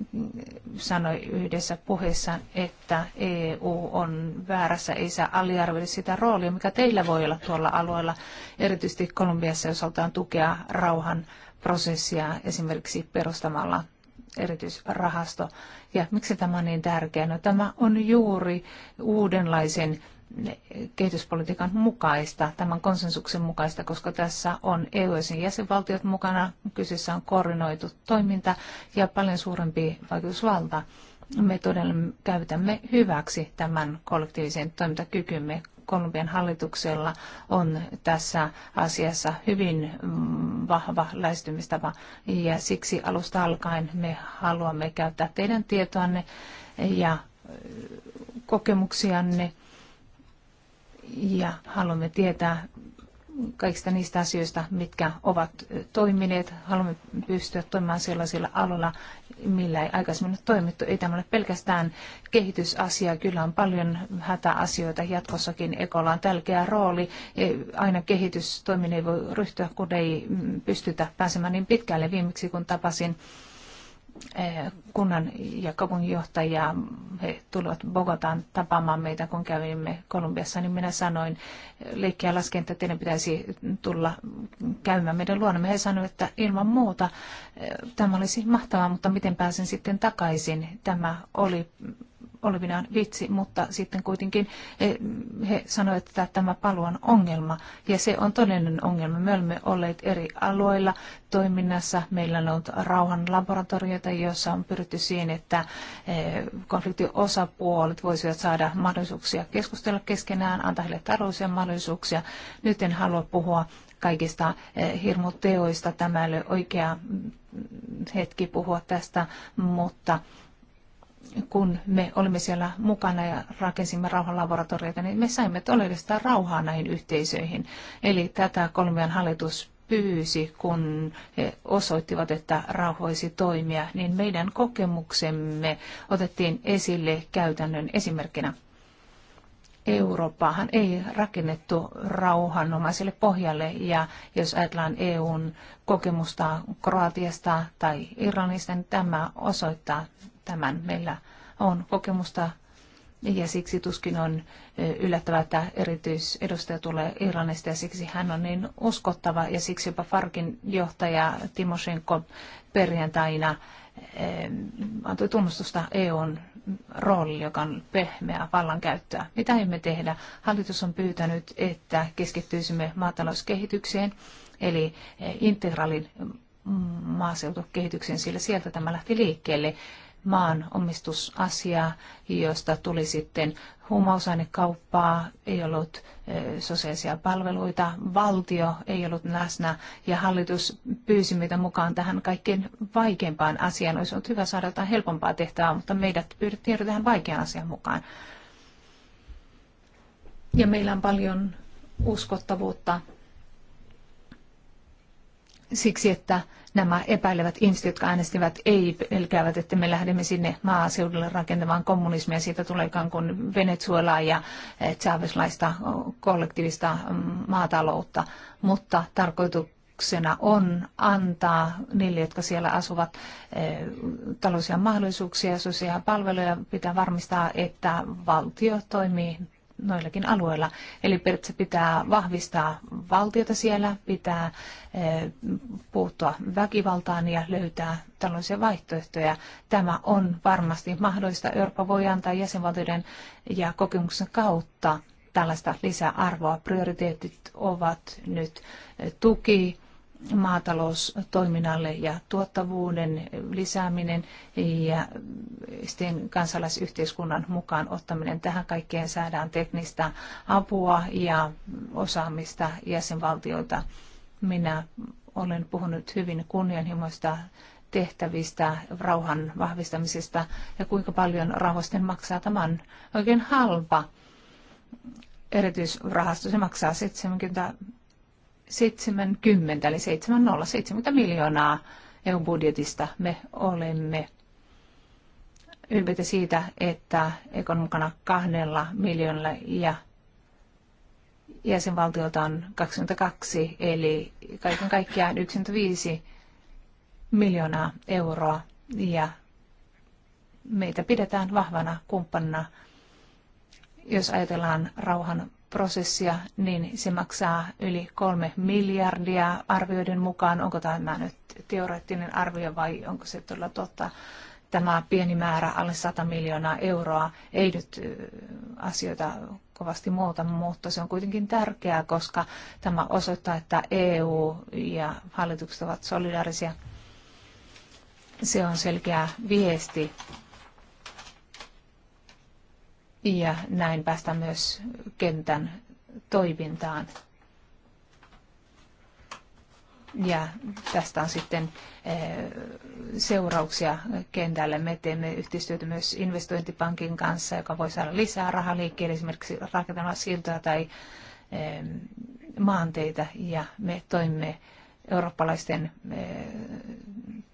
sanoi yhdessä puheessa, että EU on väärässä, ei saa aliarvioida sitä roolia, mikä teillä voi olla tuolla alueella, erityisesti Kolumbiassa, jos halutaan tukea rauhan prosessia esimerkiksi perustamalla erityisrahasto. Ja miksi tämä on niin tärkeää? No, tämä on juuri uudenlaisen kehityspolitiikan mukaista, tämän konsensuksen mukaista, koska tässä on EU ja sen jäsenvaltiot mukana. Kyseessä on koordinoitu toiminta ja paljon suurempi vaikutusvalta. Me todella käytämme hyväksi tämän kollektiivisen toimintakykymme. Kolumbian hallituksella on tässä asiassa hyvin mm, vahva lähestymistapa ja siksi alusta alkaen me haluamme käyttää teidän tietoanne ja kokemuksianne ja haluamme tietää kaikista niistä asioista, mitkä ovat toimineet. Haluamme pystyä toimimaan sellaisilla aloilla, millä ei aikaisemmin ole toimittu. Ei tämä ole pelkästään kehitysasia. Kyllä on paljon hätäasioita jatkossakin. Ekolla on tärkeä rooli. E, aina kehitystoiminen ei voi ryhtyä, kun ei pystytä pääsemään niin pitkälle. Viimeksi kun tapasin Eh, kunnan ja kaupunginjohtajia, he tulivat Bogotaan tapaamaan meitä, kun kävimme Kolumbiassa, niin minä sanoin leikkiä lasken, että teidän pitäisi tulla käymään meidän luonamme. He sanoivat, että ilman muuta eh, tämä olisi mahtavaa, mutta miten pääsen sitten takaisin. Tämä oli olevinaan vitsi, mutta sitten kuitenkin eh, he sanoivat, että tämä paluu on ongelma. Ja se on todellinen ongelma. Me olemme olleet eri alueilla toiminnassa. Meillä on ollut rauhan laboratorioita, joissa on pyritty siihen, että eh, konfliktin osapuolet voisivat saada mahdollisuuksia keskustella keskenään, antaa heille taloudellisia mahdollisuuksia. Nyt en halua puhua kaikista eh, hirmuteoista. Tämä ei ole oikea mm, hetki puhua tästä, mutta kun me olimme siellä mukana ja rakensimme rauhanlaboratorioita, niin me saimme todellista rauhaa näihin yhteisöihin. Eli tätä kolmian hallitus pyysi, kun he osoittivat, että rauhoisi toimia, niin meidän kokemuksemme otettiin esille käytännön esimerkkinä. Eurooppaahan ei rakennettu rauhanomaiselle pohjalle ja jos ajatellaan EUn kokemusta Kroatiasta tai Irlannista, niin tämä osoittaa tämän. Meillä on kokemusta ja siksi tuskin on yllättävää, että erityisedustaja tulee Irlannista ja siksi hän on niin uskottava ja siksi jopa Farkin johtaja Timoshenko perjantaina antoi tunnustusta EUn rooli, joka on pehmeä vallankäyttöä. Mitä emme tehdä? Hallitus on pyytänyt, että keskittyisimme maatalouskehitykseen, eli eh, integraalin mm, maaseutukehitykseen, sillä sieltä tämä lähti liikkeelle maanomistusasia, josta tuli sitten huumausainekauppaa, ei ollut eh, sosiaalisia palveluita, valtio ei ollut läsnä ja hallitus pyysi meitä mukaan tähän kaikkein vaikeimpaan asiaan. Olisi ollut hyvä saada jotain helpompaa tehtävää, mutta meidät pyydettiin tähän vaikeaan asiaan mukaan. Ja meillä on paljon uskottavuutta siksi, että nämä epäilevät ihmiset, jotka äänestivät ei, pelkäävät, että me lähdemme sinne maaseudulle rakentamaan kommunismia. Siitä tulee ikään kuin Venezuelaa ja eh, Chavezlaista kollektiivista mm, maataloutta, mutta tarkoituksena on antaa niille, jotka siellä asuvat, eh, taloudellisia mahdollisuuksia ja palveluja Pitää varmistaa, että valtio toimii noillakin alueilla. Eli periaatteessa pitää vahvistaa valtiota siellä, pitää eh, puuttua väkivaltaan ja löytää tällaisia vaihtoehtoja. Tämä on varmasti mahdollista. Eurooppa voi antaa jäsenvaltioiden ja kokemuksen kautta tällaista lisäarvoa. Prioriteetit ovat nyt tuki, maataloustoiminnalle ja tuottavuuden lisääminen ja sitten kansalaisyhteiskunnan mukaan ottaminen. Tähän kaikkeen saadaan teknistä apua ja osaamista jäsenvaltioilta. Minä olen puhunut hyvin kunnianhimoista tehtävistä, rauhan vahvistamisesta ja kuinka paljon rahoisten maksaa tämän oikein halpa erityisrahasto. Se maksaa 70 70, eli 70, miljoonaa EUn budjetista me olemme ylpeitä siitä, että Ekon mukana kahdella miljoonalla ja jäsenvaltiolta on 22, eli kaiken kaikkiaan 95 miljoonaa euroa ja meitä pidetään vahvana kumppanina, jos ajatellaan rauhan prosessia, niin se maksaa yli kolme miljardia arvioiden mukaan. Onko tämä nyt teoreettinen arvio vai onko se todella totta? Tämä pieni määrä, alle 100 miljoonaa euroa, ei nyt asioita kovasti muuta, mutta se on kuitenkin tärkeää, koska tämä osoittaa, että EU ja hallitukset ovat solidaarisia. Se on selkeä viesti ja näin päästä myös kentän toimintaan. Ja tästä on sitten eh, seurauksia kentälle. Me teemme yhteistyötä myös investointipankin kanssa, joka voi saada lisää rahaliikkeelle, esimerkiksi rakentamalla siltoja tai maanteita. Ja me toimimme eurooppalaisten eh,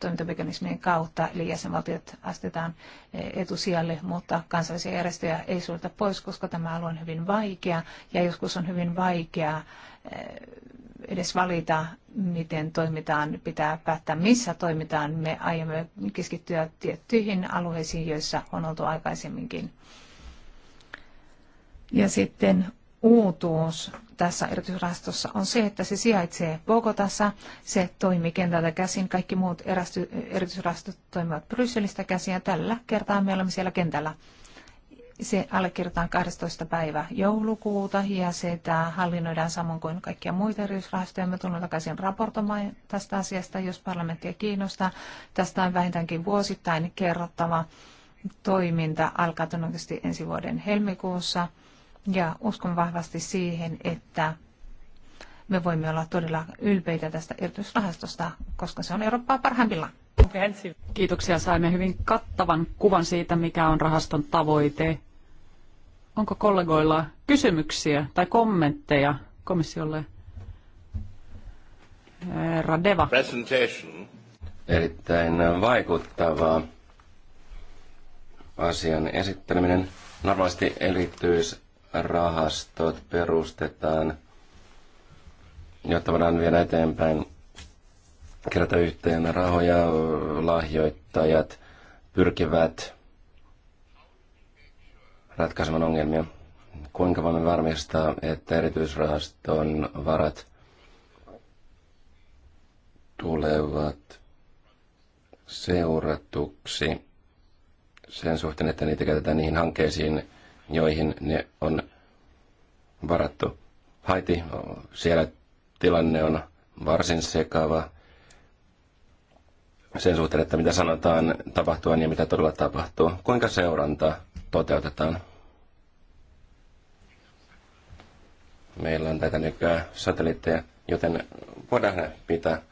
toimintamekanismien kautta, eli jäsenvaltiot astetaan eh, etusijalle, mutta kansallisia järjestöjä ei suljeta pois, koska tämä alue on hyvin vaikea ja joskus on hyvin vaikea eh, edes valita, miten toimitaan, pitää päättää, missä toimitaan. Me aiomme keskittyä tiettyihin alueisiin, joissa on oltu aikaisemminkin. Ja sitten uutuus tässä erityisrahastossa on se, että se sijaitsee Bogotassa, se toimii kentältä käsin, kaikki muut erityisrahastot toimivat Brysselistä käsin ja tällä kertaa me olemme siellä kentällä. Se allekirjoitetaan 12. päivä joulukuuta ja sitä hallinnoidaan samoin kuin kaikkia muita erityisrahastoja. Me tulemme takaisin raportoimaan tästä asiasta, jos parlamenttia kiinnostaa. Tästä on vähintäänkin vuosittain kerrottava toiminta alkaa todennäköisesti ensi vuoden helmikuussa ja uskon vahvasti siihen, että me voimme olla todella ylpeitä tästä erityisrahastosta, koska se on Eurooppaa parhaimmillaan. Kiitoksia. Saimme hyvin kattavan kuvan siitä, mikä on rahaston tavoite. Onko kollegoilla kysymyksiä tai kommentteja komissiolle? Radeva. Erittäin vaikuttavaa asian esitteleminen. Normaalisti erityis rahastot perustetaan, jotta voidaan viedä eteenpäin kerätä yhteen rahoja, lahjoittajat pyrkivät ratkaisemaan ongelmia. Kuinka voimme varmistaa, että erityisrahaston varat tulevat seuratuksi sen suhteen, että niitä käytetään niihin hankkeisiin, joihin ne on varattu. Haiti, no, siellä tilanne on varsin sekava sen suhteen, että mitä sanotaan tapahtua ja mitä todella tapahtuu. Kuinka seuranta toteutetaan? Meillä on tätä nykyään satelliitteja, joten voidaan pitää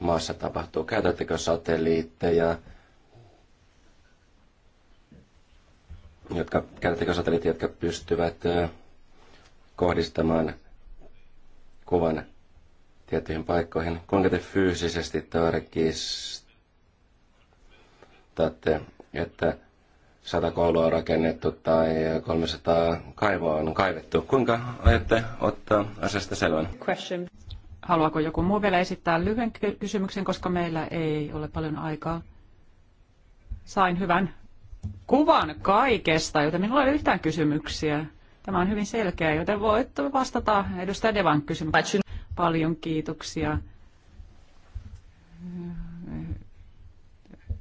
maassa tapahtuu. Käytättekö satelliitteja? jotka, käytäntekosatelliitit, jotka pystyvät kohdistamaan kuvan tiettyihin paikkoihin. Kuinka te fyysisesti tarkistatte, että 100 koulua on rakennettu tai 300 kaivoa on kaivettu? Kuinka ajatte ottaa asiasta selvän? Question. Haluaako joku muu vielä esittää lyhyen kysymyksen, koska meillä ei ole paljon aikaa? Sain hyvän kuvan kaikesta, joten minulla ei ole yhtään kysymyksiä. Tämä on hyvin selkeä, joten voit vastata edustaja Devan kysymykseen. Paljon kiitoksia.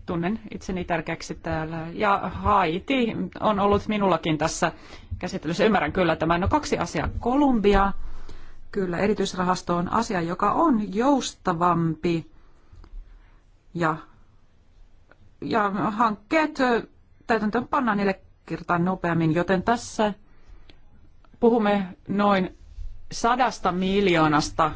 Tunnen itseni tärkeäksi täällä. Ja Haiti on ollut minullakin tässä käsittelyssä. Ymmärrän kyllä tämän. No kaksi asiaa. Kolumbia. Kyllä, erityisrahasto on asia, joka on joustavampi ja, ja hankkeet täytäntöön pannaan neljä kertaa nopeammin, joten tässä puhumme noin sadasta miljoonasta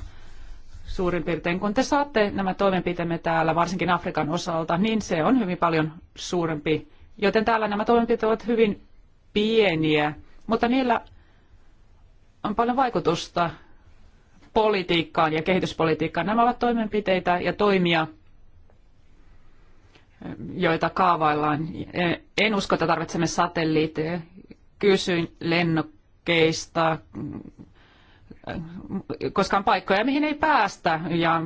suurin piirtein. Kun te saatte nämä toimenpiteemme täällä, varsinkin Afrikan osalta, niin se on hyvin paljon suurempi. Joten täällä nämä toimenpiteet ovat hyvin pieniä, mutta niillä on paljon vaikutusta politiikkaan ja kehityspolitiikkaan. Nämä ovat toimenpiteitä ja toimia, joita kaavaillaan. En usko, että tarvitsemme satelliitteja. Kysyin lennokkeista, koska on paikkoja, mihin ei päästä. Ja,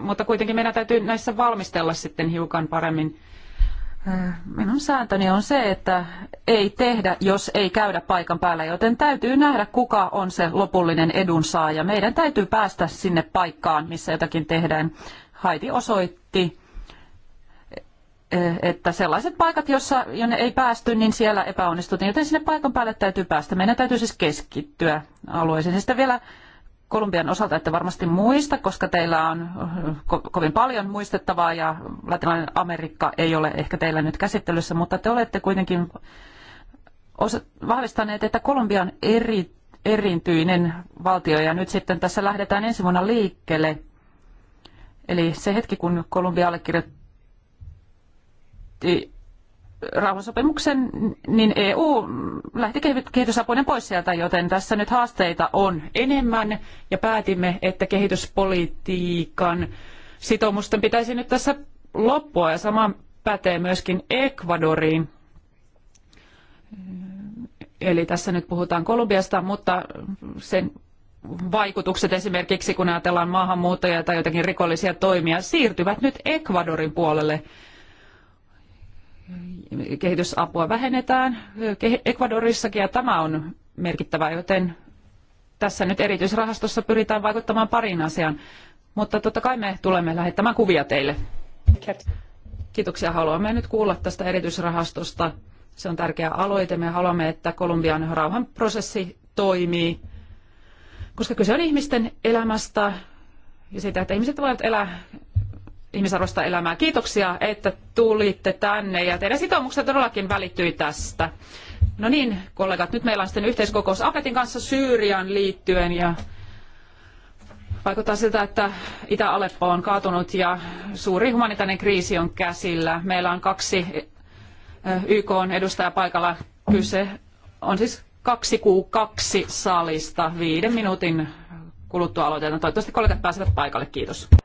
mutta kuitenkin meidän täytyy näissä valmistella sitten hiukan paremmin. Minun sääntöni on se, että ei tehdä, jos ei käydä paikan päällä, joten täytyy nähdä, kuka on se lopullinen edunsaaja. Meidän täytyy päästä sinne paikkaan, missä jotakin tehdään. Haiti osoitti, Eh, että sellaiset paikat, jossa, jonne ei päästy, niin siellä epäonnistuttiin. Joten sinne paikan päälle täytyy päästä. Meidän täytyy siis keskittyä alueeseen. sitten vielä Kolumbian osalta, että varmasti muista, koska teillä on eh, ko- kovin paljon muistettavaa ja latinalainen Amerikka ei ole ehkä teillä nyt käsittelyssä, mutta te olette kuitenkin vahvistaneet, että Kolumbian eri, erityinen valtio ja nyt sitten tässä lähdetään ensi vuonna liikkeelle. Eli se hetki, kun Kolumbia allekirjoittaa hyväksyi rauhansopimuksen, niin EU lähti kehitysapuinen pois sieltä, joten tässä nyt haasteita on enemmän ja päätimme, että kehityspolitiikan sitoumusten pitäisi nyt tässä loppua ja sama pätee myöskin Ecuadoriin. Eli tässä nyt puhutaan Kolumbiasta, mutta sen vaikutukset esimerkiksi, kun ajatellaan maahanmuuttajia tai jotakin rikollisia toimia, siirtyvät nyt Ecuadorin puolelle kehitysapua vähennetään Ecuadorissakin ja tämä on merkittävää, joten tässä nyt erityisrahastossa pyritään vaikuttamaan pariin asiaan. Mutta totta kai me tulemme lähettämään kuvia teille. Kiitoksia. Haluamme nyt kuulla tästä erityisrahastosta. Se on tärkeä aloite. Me haluamme, että Kolumbian rauhanprosessi toimii, koska kyse on ihmisten elämästä ja siitä, että ihmiset voivat elää ihmisarvoista elämää. Kiitoksia, että tulitte tänne ja teidän sitoumuksenne todellakin välittyi tästä. No niin, kollegat, nyt meillä on sitten yhteiskokous Apetin kanssa Syyrian liittyen ja vaikuttaa siltä, että Itä-Aleppo on kaatunut ja suuri humanitaarinen kriisi on käsillä. Meillä on kaksi YK edustajaa paikalla. Kyse on siis kaksi q kaksi salista. Viiden minuutin kuluttua aloitetaan. Toivottavasti kollegat pääsevät paikalle. Kiitos.